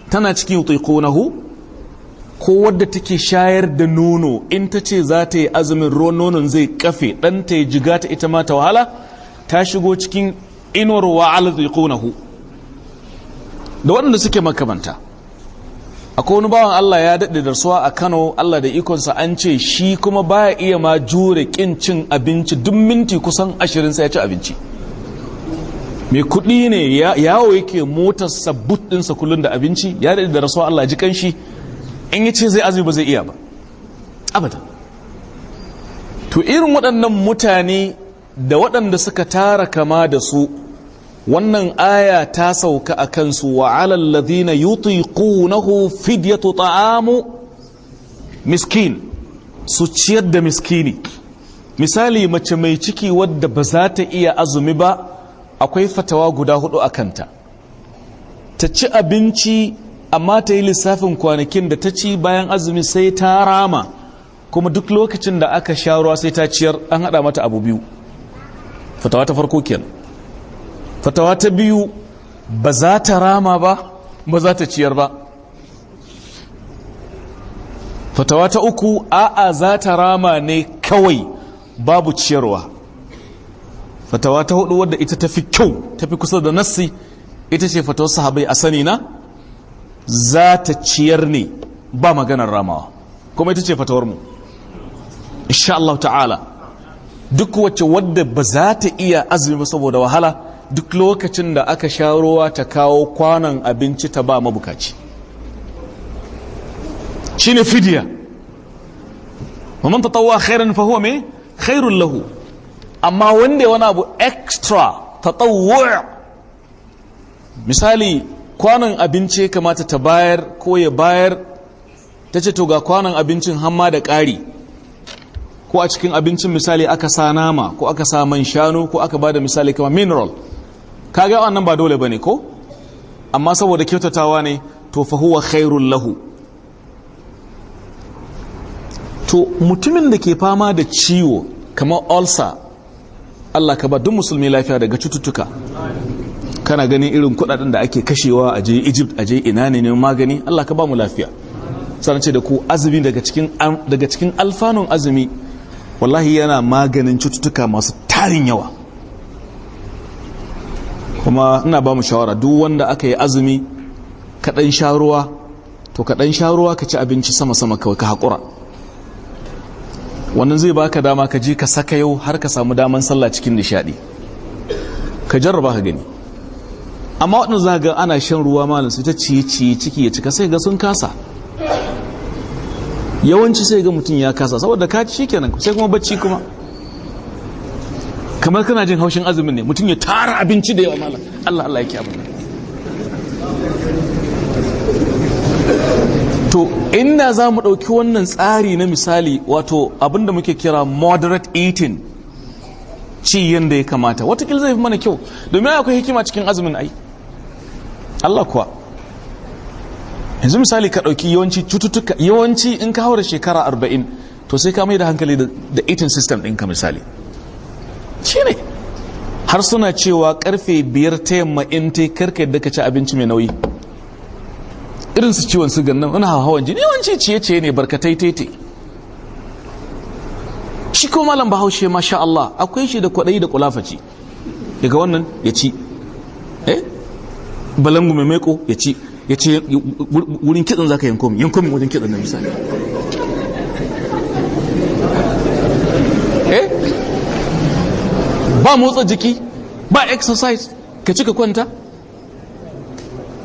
tana cikin yi ko wadda take shayar da nono in ta ce za ta yi azumin ruwan nonon zai kafe ɗanta ya jigata ita ma ta wahala ta shigo cikin inuwar wa'ala zai ƙonahu da waɗanda suke makamanta akwai wani bawan Allah ya daɗe da suwa a Kano Allah da ikonsa an ce shi kuma baya iya ma jure ƙin cin abinci duk minti kusan ashirin sai ya ci abinci mai kuɗi ne yawo yake motar sabbut ɗinsa kullum da abinci ya daɗe da rasuwa Allah ji kanshi in ya ce zai azumi ba zai iya ba abada to irin waɗannan mutane da waɗanda suka tara kama da su wannan aya ta sauka a kansu wa na yuti yutiqunahu fidyatu ta'amu miskin su ciyar da miskini misali mace mai ciki wadda ba za ta iya azumi ba akwai fatawa guda hudu a kanta ta ci abinci amma ta yi lissafin kwanakin da ta ci bayan azumi sai ta rama kuma duk lokacin da aka sha ruwa sai ta ciyar an hada mata abu biyu fatawa ta farko kenan fatawa ta biyu ba za ta rama ba ba za ta ciyar ba fatawa ta uku a'a za ta rama ne kawai babu ciyarwa fatawa ta hudu wadda ita tafi kyau tafi kusa da nassi ita ce fatawar sahabai a sani na za ta ciyar ne ba maganar ramawa kuma ita ce fatawar mu insha Allah ta'ala duk wacce wadda ba za ta iya azumi ba saboda wahala duk lokacin da aka sha ruwa ta kawo kwanan abinci ta ba mabukaci shine fidiya wannan tatawwa khairan fa huwa me lahu amma wanda wani abu extra ta tatawwu misali kwanan abinci kamata ta bayar ko ya bayar ta ce to ga kwanan abincin hamma da ƙari ko a cikin abincin misali aka sa nama ko aka sa man shanu ko aka ba da misali kama mineral kaga wannan ba dole bane ko amma saboda kyautatawa ne to fa huwa lahu to mutumin da ke fama da ciwo kamar ulcer Allah ka ba duk musulmi lafiya daga cututtuka kana ganin irin kudaden da ake kashewa a je Egypt a je ina ne neman magani Allah ka ba mu lafiya sannan ce da ku azumi daga cikin daga cikin alfanun azumi wallahi yana maganin cututtuka masu tarin yawa kuma ina ba mu shawara duk wanda aka yi azumi kaɗan sha ruwa to kaɗan sha ruwa ka ci abinci sama-sama kawai ka haƙura wannan zai baka dama ka ji ka saka yau har ka samu daman sallah cikin nishaɗi ka jarraba ka gani amma waɗanda za ga ana shan ruwa malam su ta ciye ciye ciki ya cika sai ga sun kasa yawanci sai ga mutum ya kasa saboda ka ci kenan sai kuma bacci kuma kamar kana jin haushin azumin ne mutum ya tara abinci da yawa malam Allah Allah yake abin to inda za mu ɗauki wannan tsari na misali wato abinda muke kira moderate eating ci yadda ya kamata watakila zai fi mana kyau domin akwai hikima cikin azumin ai Allah kuwa yanzu misali ka ɗauki yawanci cututtuka yawanci in ka haura shekara arba'in to sai ka mai da hankali da eating system ɗinka misali ne har suna cewa karfe biyar ta yamma in ta karka yadda ka ci abinci mai nauyi irin su ciwon su nan ina hawan jini yawanci ciye ciye ne barkatai tete shi ko malam bahaushe masha Allah akwai shi da kwaɗayi da kulafaci daga wannan ya ci eh balangu mai maiko ya ci ya ce wurin kitsin za yanko min yanko min kitsin na misali ba motsa jiki ba exercise ka cika kwanta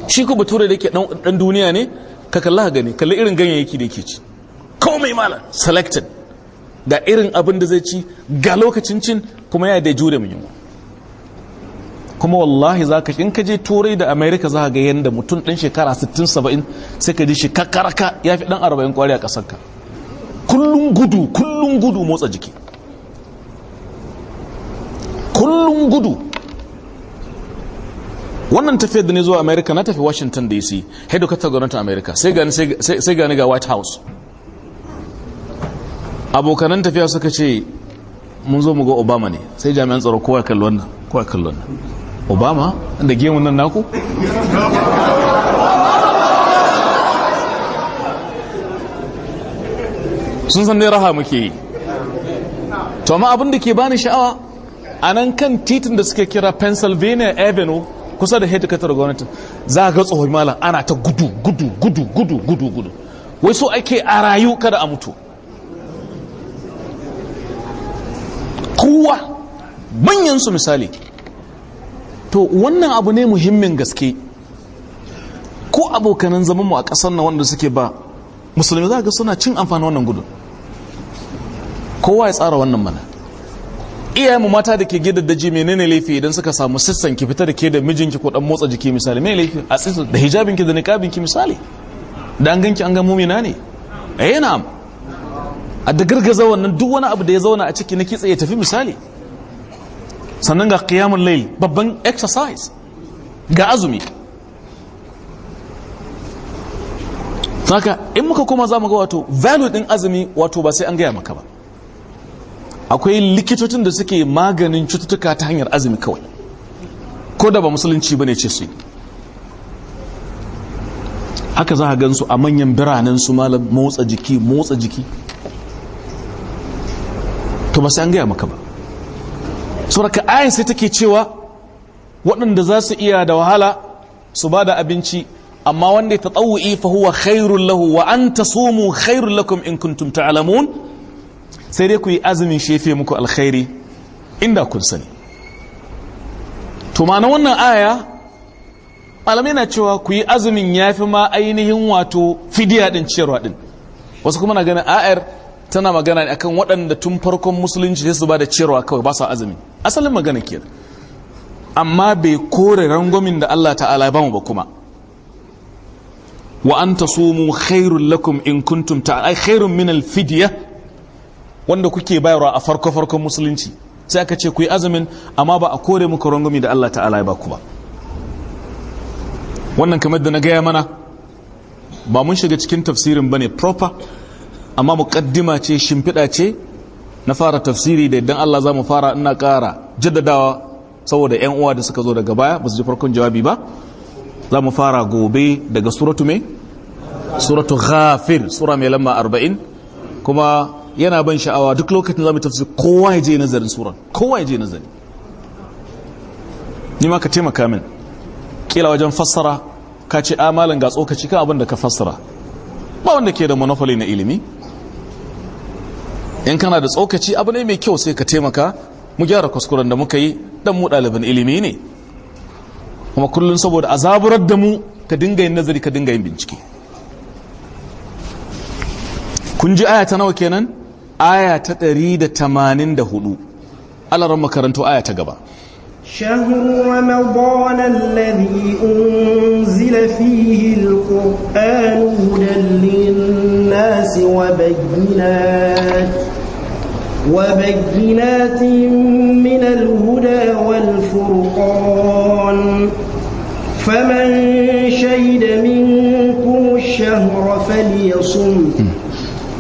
shi ko bature da ke dan duniya ne ka kalla gani kalli irin ganyayyaki da yake ci mai mala selected ga irin abin da zai ci ga lokacin cin kuma ya da jure mu yunwa kuma wallahi za ka in ka je turai da america za ka ga yadda mutum ɗan shekara 60-70 sai ka ji shi kakaraka ya fi ɗan 40 kwari a ƙasarka kullum gudu kullum gudu motsa jiki kullum gudu wannan tafiyar da ne zuwa america na tafi washington dc headquarter gwamnatin america sai gani ga white house abokanan tafiya suka ce mun zo mu ga obama ne sai jami'an tsaro kowa kallon nan kowa kallon nan obama da gemun nan naku sun san ne raha muke yi to ma abin da ke bani sha'awa a nan kan titin da suke kira pennsylvania avenue kusa da hedikatar gwamnati za ga tsohon malam ana ta gudu gudu gudu gudu gudu gudu wai so ake a rayu kada a mutu kowa manyansu misali to wannan abu ne muhimmin gaske ko abokanan zamanmu a ƙasar na wanda suke ba musulmi za ga suna cin amfani wannan gudun kowa ya tsara wannan mana iyayenmu mata da ke gidan daji menene laifi idan suka samu sissan ki fita da ke da mijinki ko dan motsa jiki misali me laifi a tsitsu da hijabinki da niqabinki misali da an ganki an ga mumina ne eh na'am a da gargaza wannan duk wani abu da ya zauna a ciki na kitse ya tafi misali sannan ga qiyamul layl babban exercise ga azumi saka in muka koma za mu ga wato value din azumi wato ba sai an gaya maka ba akwai likitocin da suke maganin cututtuka ta hanyar azumi kawai ko da ba musulunci bane ce su haka za a gansu a manyan biranen su malam motsa jiki motsa jiki to ba sai an gaya maka ba suraka ayin sai take cewa waɗanda za su iya da wahala su ba da abinci amma wanda ya tatawu'i fa huwa khairul lahu wa an tasumu khairul lakum in kuntum ta'lamun sai dai ku yi azumin shefe muku alkhairi inda kun sani to ma'ana wannan aya malamai na cewa ku yi azumin ya fi ma ainihin wato fidiya din ciyarwa din wasu kuma na ganin ayar tana magana ne akan waɗanda tun farkon musulunci sai su ba da ciyarwa kawai ba su azumi asalin magana ke amma bai kore rangwamin da Allah ta'ala ba mu ba kuma wa anta sumu khairul lakum in kuntum ta'ala khairun min al-fidya wanda kuke bayarwa a farko farkon musulunci sai aka ce ku yi azumin amma ba a kore muku rangwami da Allah ta'ala ya ba ku ba wannan kamar da na gaya mana ba mun shiga cikin tafsirin bane proper amma muqaddima ce shimfiɗa ce na fara tafsiri da idan Allah za mu fara ina ƙara jaddadawa saboda yan uwa da suka zo daga baya ba su ji farkon jawabi ba za mu fara gobe daga suratu me suratu ghafir sura mai lamba arba'in kuma yana ban sha'awa duk lokacin za mu tafsir kowa ya je nazarin suran kowa ya je nazari ni ma ka taimaka min kila wajen fassara ka ce amalan ah, ga tsokaci kan abin da ka fassara ba wanda ke da monofoli na ilimi in kana da tsokaci abu ne mai kyau sai ka taimaka mu gyara kuskuren da muka yi dan mu ɗaliban ilimi ne kuma kullum saboda azaburar da mu ka dinga yin nazari ka dinga yin bincike kun ji aya ta nawa kenan aya ta 184 Allah ran makarantu aya ta gaba
شهر رمضان الذي أنزل فيه القرآن هدى للناس وبينات وبينات من الهدى والفرقان فمن شهد منكم الشهر فليصم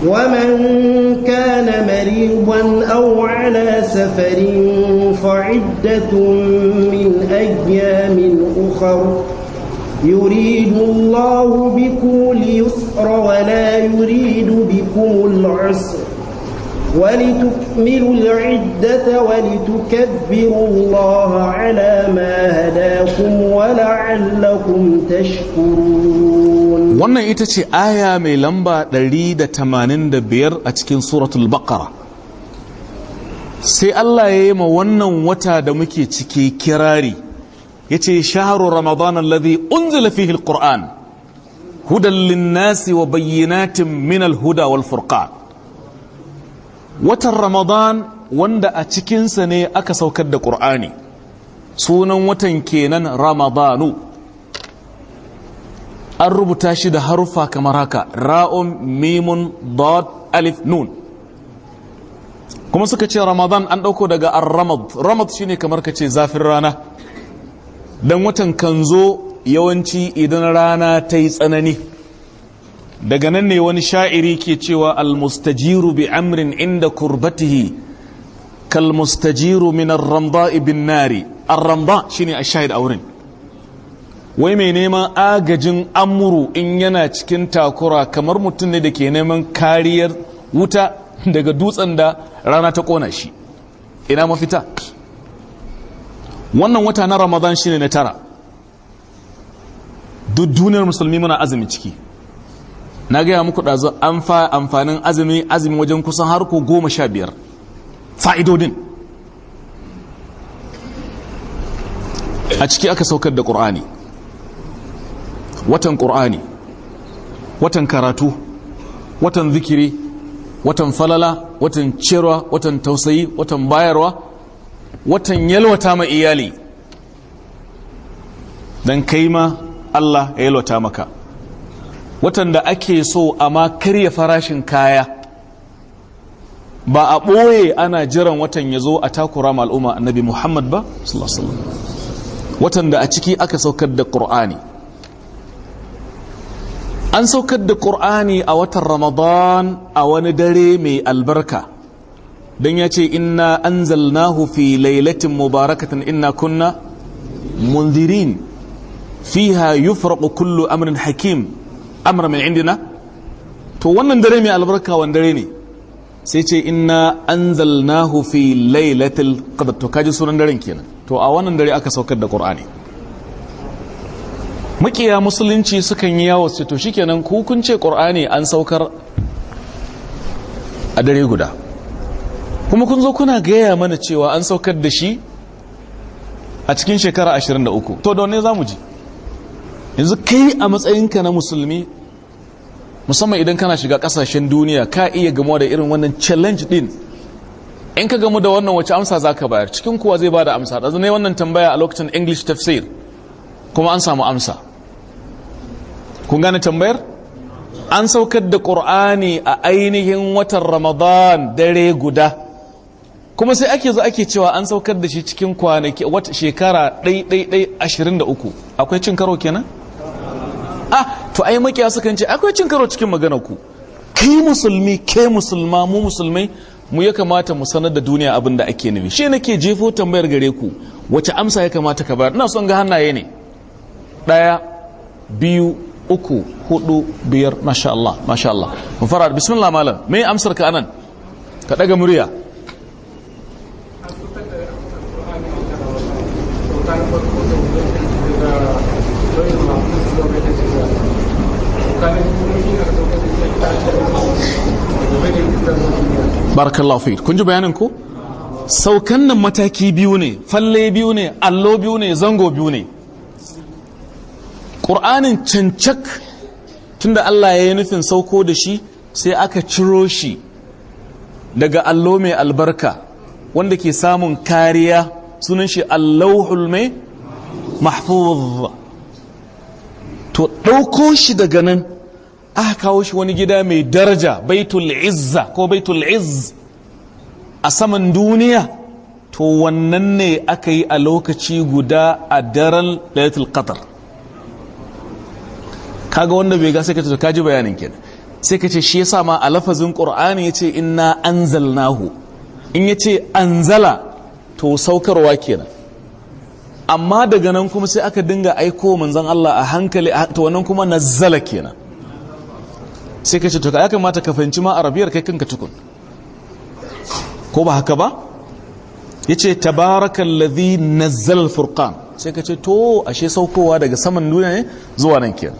ومن كان مريضا أو على سفر فعدة من أيام أخر يريد الله بكم اليسر ولا يريد بكم العسر ولتكملوا العدة ولتكبروا الله على ما هداكم ولعلكم تشكرون
wannan ita ce aya mai lamba 185 a cikin suratul baqara sai Allah ya yi ma wannan wata da muke ciki kirari yace shaharu Ramadana alladhi unzila fihi alquran hudan linnasi wa bayyinatin min al-huda wal-furqan watan ramadan wanda a cikinsa ne aka saukar da ƙur'ani sunan watan kenan ramadanu an rubuta shi da harufa kamar haka ra'un mimun dot alif nun kuma suka ce ramadan an ɗauko daga ar-ramad ramad shine kamar ka ce zafin rana don watan kan zo yawanci idan rana ta yi tsanani daga nan ne wani sha'iri ke cewa almustajiru bi amrin inda kurbatihi kalmustajiru min ramba ibin nari arramba shine a shahid a wurin wai mai neman agajin amuru in yana cikin takura kamar mutum ne da ke neman kariyar wuta daga dutsen da rana ta kona shi ina mafita wannan wata na ramadan shine na tara duk duniyar musulmi muna azumin ciki na gaya muku ɗazu amfanin azumi azumi wajen kusan harko goma sha biyar fa'idodin a ciki aka saukar da ƙur'ani watan ƙur'ani watan karatu watan zikiri watan falala watan cewa watan tausayi watan bayarwa watan yalwata ma iyali don kai ma Allah ya yalwata maka watan da ake so amma karya farashin kaya ba a ɓoye ana jiran watan ya zo a takura ma al'umma annabi muhammad ba watan da a ciki aka saukar da ƙur'ani an saukar da ƙur'ani a watan ramadan a wani dare mai albarka don ya ce inna anzalnahu fi lailatin mubarakatan inna kunna munzirin fiha yufraqu kullu amrin hakim amra mai indina to wannan dare mai albarka wani dare ne sai ce inna anzalnahu fi lailatul qadr to kaji sunan daren kenan to a wannan dare aka saukar da qur'ani makiya musulunci sukan yi yawo su to shikenan ku kun ce qur'ani an saukar a dare guda kuma kun zo kuna gaya mana cewa an saukar da shi a cikin shekara 23 to da wanne za mu ji yanzu kai a matsayinka na musulmi musamman idan kana shiga kasashen duniya ka iya gamo da irin wannan challenge din in ka gamu da wannan wace amsa za ka bayar cikin kuwa zai ba da amsa ɗazu ne wannan tambaya a lokacin english tafsir kuma an samu amsa kun gane tambayar an saukar da ƙur'ani a ainihin watan ramadan dare guda kuma sai ake zo ake cewa an saukar da shi cikin kwanaki wata shekara ɗai ashirin da uku akwai cin karo kenan ah to ai makiya sukan ce akwai cin karo cikin magana ku kai musulmi ke musulma mu musulmai mu ya kamata mu sanar da duniya abin da ake nufi shi nake jefo tambayar gare ku wace amsa ya kamata ka bayar ina son ga hannaye ne daya biyu uku hudu biyar masha Allah masha Allah mu fara bismillah malam me amsar ka anan ka daga murya barakallahu fi kun ji bayanin ku saukan nan mataki biyu ne falle biyu ne allo biyu ne zango biyu ne ƙur'anin cancak tunda Allah ya yi nufin sauko da shi sai aka ciro shi daga allo mai albarka wanda ke samun kariya sunan shi allahul mai mahfuz to ɗauko shi daga nan aka kawo shi wani gida mai daraja baitul izza ko baitul izz a saman duniya to wannan ne aka yi a lokaci guda a daren laitul qadr kaga wanda bai ga sai ka ce kaji bayanin kenan sai ka ce shi yasa ma a lafazin qur'ani yace inna anzalnahu in yace anzala to saukarwa kenan amma daga nan kuma sai aka dinga aiko manzon Allah a hankali to wannan kuma nazzala kenan sai ka ce to ya kamata ka fahimci ma arabiyar kai kanka tukun ko ba haka ba ya ce yace lazi nazzal furkan sai ka ce to ashe saukowa daga saman duniya ne zuwa nan kenan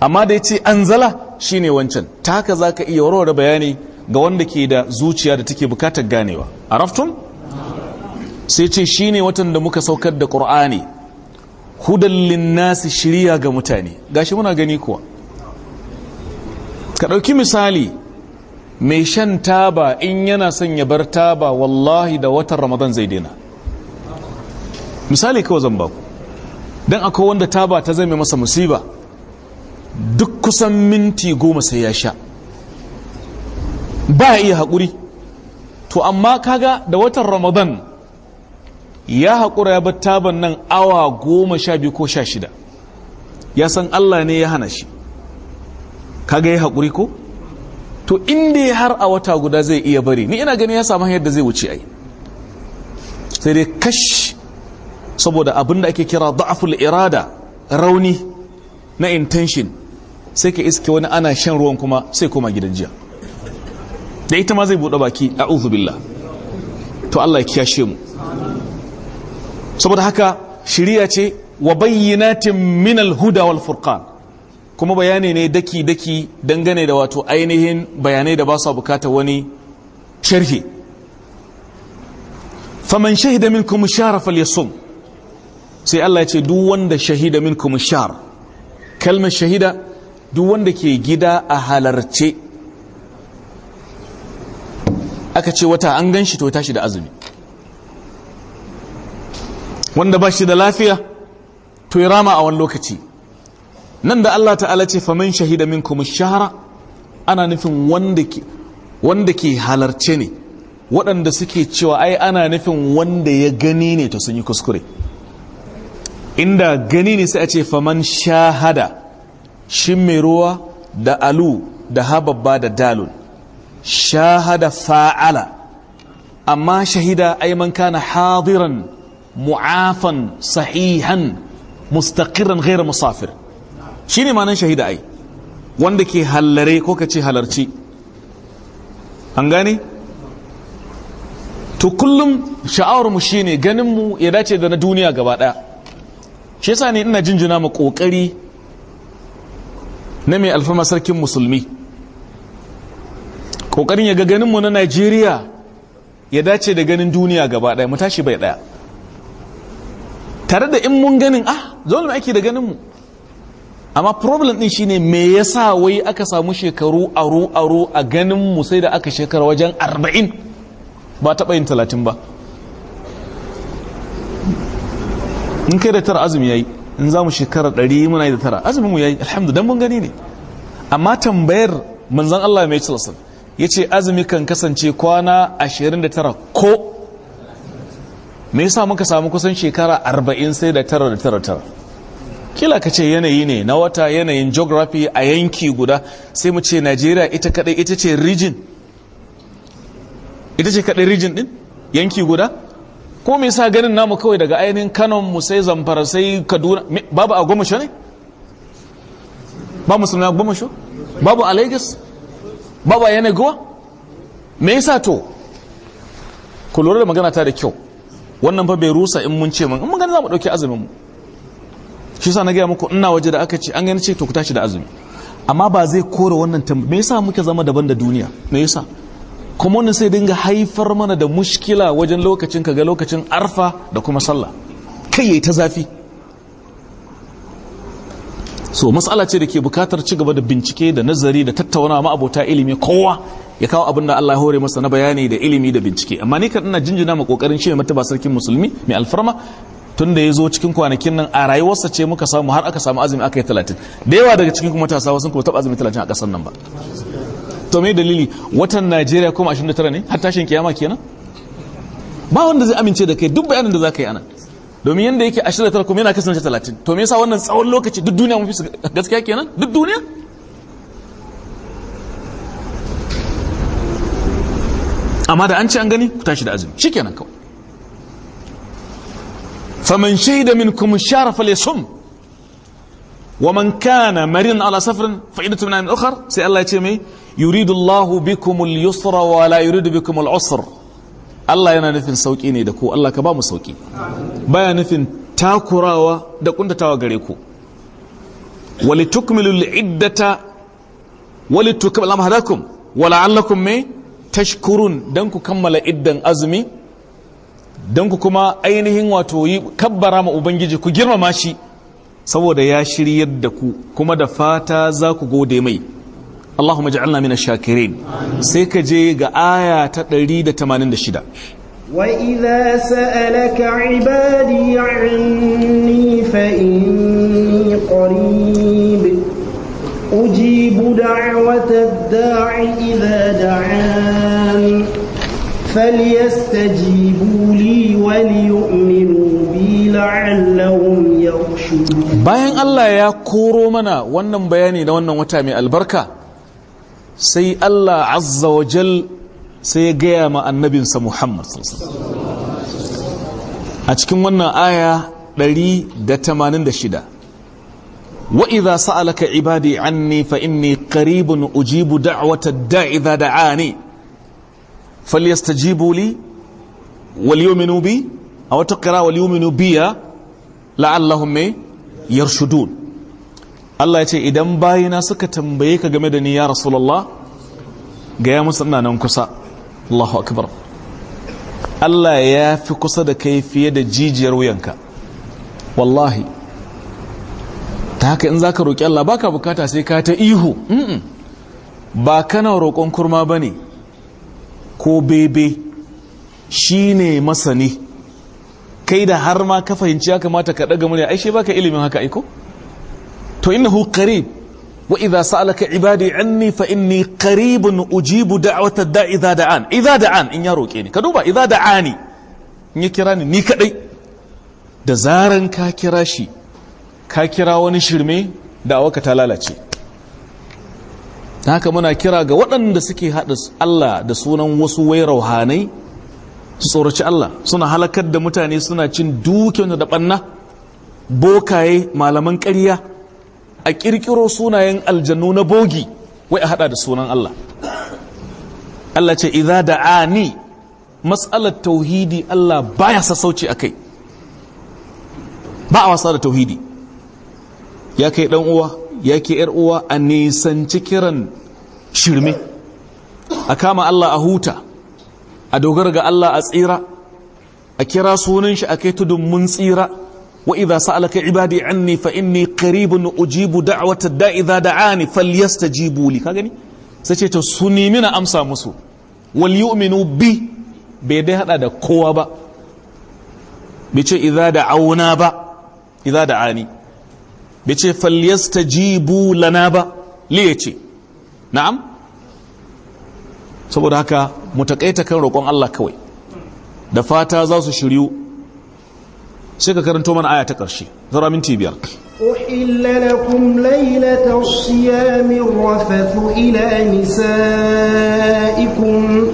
amma da ya yace anzala shine wancan ta haka ka iya warware bayani ga wanda ke da zuciya da take bukatar ganewa raftun sai ce shi ne watan da muka saukar da ƙur'ani hudallin nasi shirya ga mutane gashi muna gani kuwa ka ɗauki misali mai shan taba in yana son ya bar taba wallahi da watan ramadan zai daina misali kawai zan baku don akwai wanda taba ta zai mai masa musiba duk kusan minti goma sai ya sha ba iya haƙuri to amma kaga da watan ramadan ya haƙura ya bar taban nan awa goma sha biyu ko sha shida ya san allah ne ya hana shi kaga ya haƙuri ko to inda ya har a wata guda zai iya bari ni ina gani ya samu yadda zai wuce ai sai dai kash saboda abin da ake kira da'aful irada rauni na intention sai ka iske wani ana shan ruwan kuma sai koma gidan jiya da ita ma zai buɗe baki a'udhu billah to Allah ya kiyashe mu saboda haka shiriya ce wa bayyinatin minal huda wal furqan kuma bayani ne daki-daki dangane da wato ainihin bayanai da ba su bukatar wani sharhi faman shahida minkum shahra falyasum sai Allah ya ce duk wanda shahida kuma shahr kalmar shahida duk wanda ke gida a halarce aka ce wata an gan shi to tashi da azumi wanda ba shi da lafiya to ya rama a wani lokaci nan da Allah ta'ala ce faman shahida kuma shahara ana nufin wanda ke halarce ne waɗanda suke cewa ai ana nufin wanda ya gani ne ta sun yi kuskure inda gani ne sai a ce faman shahada shin mai ruwa da alu da hababba da dalun shahada fa'ala amma shahida ai man kana hadiran mu'afan sahihan mustaqiran ghairu musafir shi shine manan shahida ai wanda ke hallare ko ka ce halarci an gane to kullum sha'awar mu ne ganin mu ya dace da na duniya gaba daya shi yasa ne ina jinjina ma kokari na mai alfama sarkin musulmi kokarin ya ga ganin na Najeriya ya dace da ganin duniya gaba daya mu tashi bai daya tare da in mun ganin ah zo mu ake da ganin amma problem din shine me yasa wai aka samu shekaru aro aro a ganin mu sai da aka shekara wajen 40 ba taɓa yin 30 ba in kai da tara azumi yayi in za mu shekara 100 muna yi da tara azumi mu yayi alhamdulillah dan mun gani ne amma tambayar manzon Allah mai sallallahu ya ce azumi kan kasance kwana 29 ko me yasa muka samu kusan shekara 40 sai da tara da tara tara kila ka ce yanayi ne na wata yanayin geography a yanki guda sai mu ce najeriya ita kadai ita ce region ita ce kadai region din yanki guda ko me sa ganin namu kawai daga ainihin kanon mu sai zamfara sai kaduna babu a goma ne ba musulmi a goma babu a lagos babu a yanayi guwa? me sa to ku lura da magana ta da kyau wannan fa bai rusa in mun ce mun in mun gani za mu ɗauki azumin mu shi sa na gaya muku ina waje da aka ce an gani ce to ku tashi da azumi amma ba zai kore wannan tambayi me yasa muke zama daban da duniya me yasa kuma wannan sai dinga haifar mana da mushkila wajen lokacin ka ga lokacin arfa da kuma sallah kai yayi ta zafi so matsala ce da ke bukatar ci gaba da bincike da nazari da tattaunawa ma abota ilimi kowa ya kawo abin da Allah ya hore masa na bayani da ilimi da bincike amma ni kan ina jinjina ma kokarin shi mai mataba sarkin musulmi mai alfarma tun da ya zo cikin kwanakin nan a rayuwarsa ce muka samu har aka samu azumi aka yi talatin da yawa daga cikin kuma matasa sun kuma taɓa azumi talatin a ƙasar nan ba to me dalili watan najeriya kuma 29 ne har tashin kiyama kenan ba wanda zai amince da kai duk bayanin da za ka yi ana domin yadda yake 29 kuma yana kasance 30 to me yasa wannan tsawon lokaci duk duniya mun fi gaskiya kenan duk duniya amma da an ce an gani ku tashi da azumi shikenan kawai faman shaida minkum shahra falyasum ومن كان مريضا على سفر فعدة من عام أخر سي الله يتمي يريد الله بكم اليسر ولا يريد بكم العسر الله yana nufin sauki ne da ku Allah ka ba mu sauki baya nufin takurawa da kuntatawa gare ku walitukmilu al'iddata walitukmilu amhadakum wa la'allakum tashkurun dan ku kammala iddan azumi don ku kuma ainihin wato yi kabbara ma ubangiji ku girmama shi saboda ya shiryar da ku kuma da fata za ku gode mai Allahumma ja'alna mina shakirin sai ka je ga aya ta 186
wa idza sa'alaka ibadi anni fa inni qarib ujibu da'wata ad فليستجيبوا لي وليؤمنوا بي لعلهم يرشدون باين الله يا كورو
منا wannan bayani da wannan wata mai albarka sai Allah azza wa jal gaya ma annabinsa Muhammad a cikin wannan aya da da tamanin shida, wa idha sa'alaka ibadi anni fa inni qaribun ujibu da'wata da'i idha da'ani da falyastajibu li wal bi a wata qira wal biya la'allahum me yarshudun Allah ya ce idan bayina suka tambaye ka game da ni ya rasulullah ga ya musu ina nan kusa Allahu akbar Allah ya fi kusa da kai fiye da jijiyar wuyanka wallahi ta haka in zaka roki Allah baka bukata sai ka ta ihu ba kana roƙon kurma bane ko bebe shi ne masani kai da har ma ka fahimci ya kamata ka ɗaga murya aishe baka ilimin haka aiko to innahu karib wa idza sa'alaka ibadi anni fa inni qaribun ujibu da'wata da idza da'an idza da'an in ya roke ni ka duba idza da'ani in ya kira ni ni kadai da zaran ka kira shi ka kira wani shirme da awaka ta lalace ta haka muna kira ga waɗanda suke haɗa Allah da sunan wasu wai rauhanai su tsoraci Allah suna halakar da mutane suna cin dukiyar da ɓanna bokaye malaman ƙarya a ƙirƙiro sunayen aljanu na bogi wai a haɗa da sunan Allah Allah ce idza da'ani matsalar tauhidi Allah baya sassauci kai ba a wasa da tauhidi ya kai dan uwa yake uwa a nisanci kiran shirme a kama Allah a huta a dogara ga Allah a tsira a kira sunan shi a kai tudun mun tsira wa idza sa'alaka ibadi anni fa inni qaribun ujibu da'wata da idza da'ani falyastajibu li ka gani sai ce to su nemi na amsa musu wal yu'minu bi bai dai hada da kowa ba bai ce idza da'auna ba idza da'ani bai ce falyastajibu lana ba li ce na'am saboda haka mu kan roƙon Allah kawai da fata za su shiryu sai ka karanto mana aya ta ƙarshe zara minti biyar
أحل لكم ليلة الصيام الرفث إلى نسائكم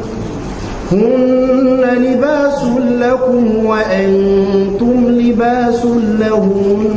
هن لباس لكم وأنتم لباس لهم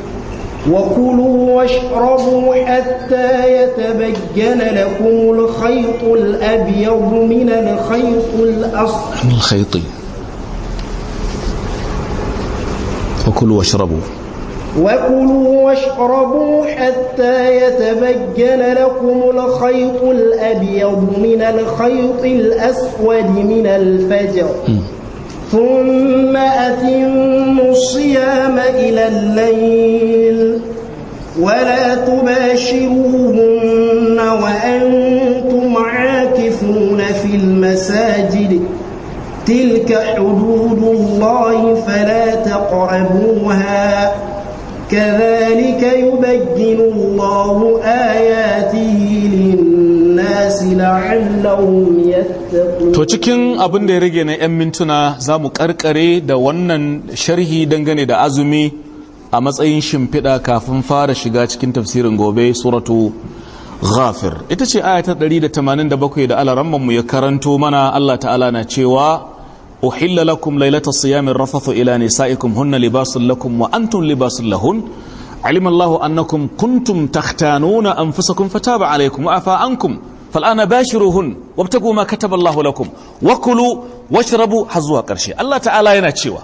وكلوا واشربوا حتى يتبين لكم الخيط الأبيض من الخيط الأصفر
من الخيط وكلوا واشربوا
وكلوا واشربوا حتى يتبين لكم الخيط الأبيض من الخيط الأسود من الفجر م. ثم أتموا الصيام إلى الليل ولا تباشروهن وأنتم عاكفون في المساجد تلك حدود الله فلا تقربوها كذلك يبين الله آياته للناس To
cikin abin da ya rage na 'yan mintuna za mu karkare da wannan sharhi dangane da azumi a matsayin shimfiɗa kafin fara shiga cikin tafsirin gobe suratu ghafir. Ita ce ayata 187 da mu ya karanto mana Allah ta'ala na cewa uhilla lakum lailata siyamin rafathu ila nisa'ikum hunna libasul lakum wa antum libasul lahun علم الله أنكم كنتم تختانون أنفسكم فتاب عليكم وعفى عنكم فالآن باشروهن وابتقوا ما كتب الله لكم وكلوا واشربوا حزوها قرشي الله تعالى يناتشيوا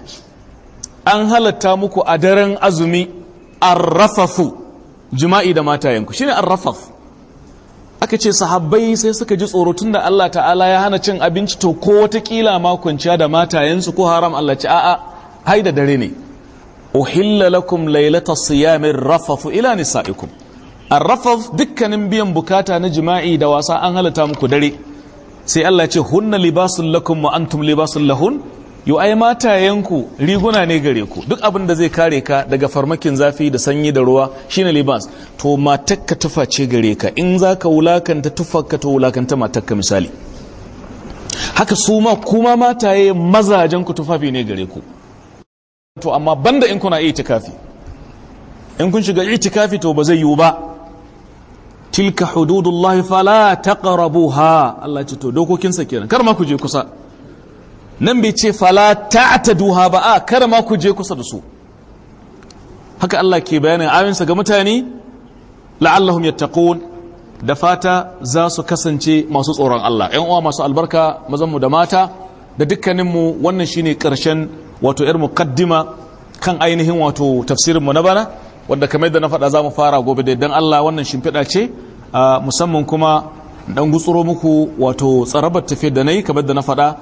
أن هل تامك أدرن أزمي الرفف جماعي دماتا ينكو شيني الرفف aka ce sahabbai sai suka ji tsoro tunda Allah ta'ala ya hana cin abinci to ko wata kila ma kwanciya da matayensu ko haram Allah ce a'a hai da dare ne uhilla lakum ليلة الصيام rafafu ila نسائكم الرفض dukkanin biyan bukata na jima'i da wasa an سي muku dare sai Allah لكم ce hunna libasul yo ai mata yanku lahun yu matayenku riguna ne gare ku duk abin da zai kare ka daga farmakin zafi da sanyi da ruwa shine libas to matakka tufa ce gare ka in zaka wulakanta tufarka to wulakanta matakka misali haka su ma kuma mataye mazajen ku tufafi ne gare ku to amma banda in kuna itikafi in kun shiga itikafi to ba zai yiwu ba tilka hududullahi fala taqrabuha Allah ce to dokokin sa kenan kar ma ku je kusa nan bai ce fala ta'taduha ba a kar ma ku je kusa da su haka Allah ke bayanin ayoyinsa ga mutane la'allahum yattaqun da fata za su kasance masu tsoron Allah ƴan uwa masu albarka mazan mu da mata da dukkaninmu wannan shine ƙarshen wato yar mukaddima kan ainihin wato tafsirin mu na bana wanda kamar da na faɗa za fara gobe da idan Allah wannan shimfiɗa ce musamman kuma dan gutsuro muku wato tsarabar tafiyar da nayi kamar da na faɗa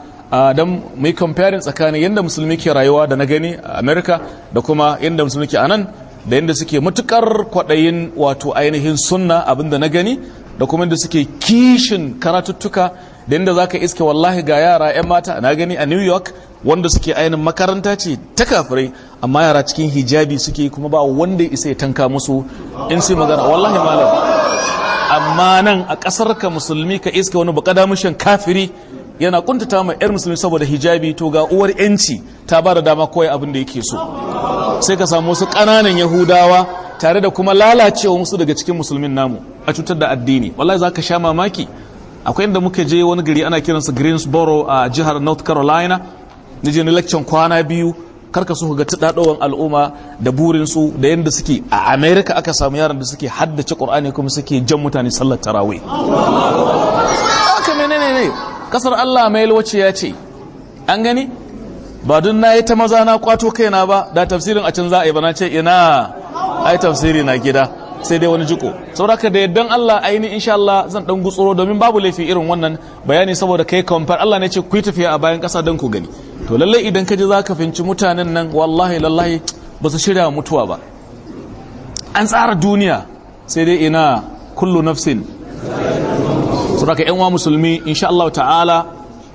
dan muyi comparing tsakanin yanda musulmi ke rayuwa da na gani a America da kuma yanda musulmi ke anan da yanda suke matukar kwaɗayin wato ainihin sunna abinda na gani da kuma yanda suke kishin karatuttuka da inda ka iske wallahi ga yara 'yan mata na gani a new york wanda suke ainihin makaranta ce ta kafirai amma yara cikin hijabi suke kuma ba wanda isa ya tanka musu in sai magana wallahi malam amma nan a ƙasar ka musulmi ka iske wani mushin kafiri yana kuntata ma 'yar musulmi saboda hijabi to ga uwar 'yanci ta ba da dama kawai abin da yake so sai ka samu wasu kananan yahudawa tare da kuma lalacewa musu daga cikin musulmin namu a cutar da addini wallahi za ka sha mamaki akwai inda muka je wani gari ana kiransa greensboro a jihar north carolina na je ni kwana biyu karka su ga tudadowan al'umma da burinsu da yadda suke a america aka samu yaran da suke haddace qur'ani kuma suke jan mutane sallar tarawih haka menene ne kasar Allah mai wace ya ce an gani ba dun nayi ta maza na kwato kaina ba da tafsirin a can za a yi ba na ce ina ai tafsiri na gida sai dai wani jiko saboda da yaddan Allah aini insha Allah zan dan gutsuro domin babu laifi irin wannan bayani saboda kai kamfar Allah ne ce ku tafiya a bayan kasa dan ku gani to lallai idan ka ji zaka finci mutanen nan wallahi lallahi ba su shirya mutuwa ba an tsara duniya sai dai ina kullu nafsin saboda yan wa musulmi insha Allah ta'ala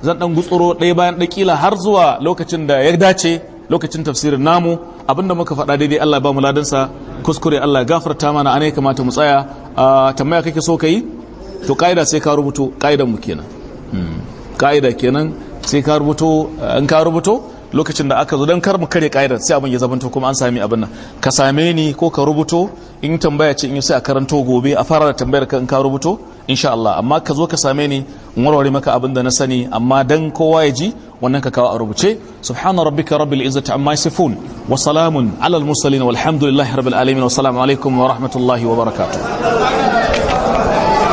zan ɗan gutsuro ɗaya bayan ɗakila har zuwa lokacin da ya dace lokacin tafsirin namu abinda muka faɗa daidai Allah ba mu ladansa kuskure Allah gafarta mana anai kamata mu tsaya a tambaya kake so kai to kaida sai ka rubuto kaidan mu kenan kaida hmm. kenan sai ka rubuto in ka rubuto lokacin da aka zo don kar mu kare ƙa'idar sai abin ya zamanto kuma an sami abin nan ka same ni ko ka rubuto in tambaya ce in yi sai a karanto gobe a fara da tambayar ka in ka rubuto insha Allah amma ka zo ka same ni in warware maka abin da na sani amma dan kowa ya ji wannan ka kawo a rubuce subhana rabbika rabbil izzati amma yasifun wa salamun alal mursalin walhamdulillahi rabbil alamin wa salamu alaikum wa rahmatullahi wa barakatuh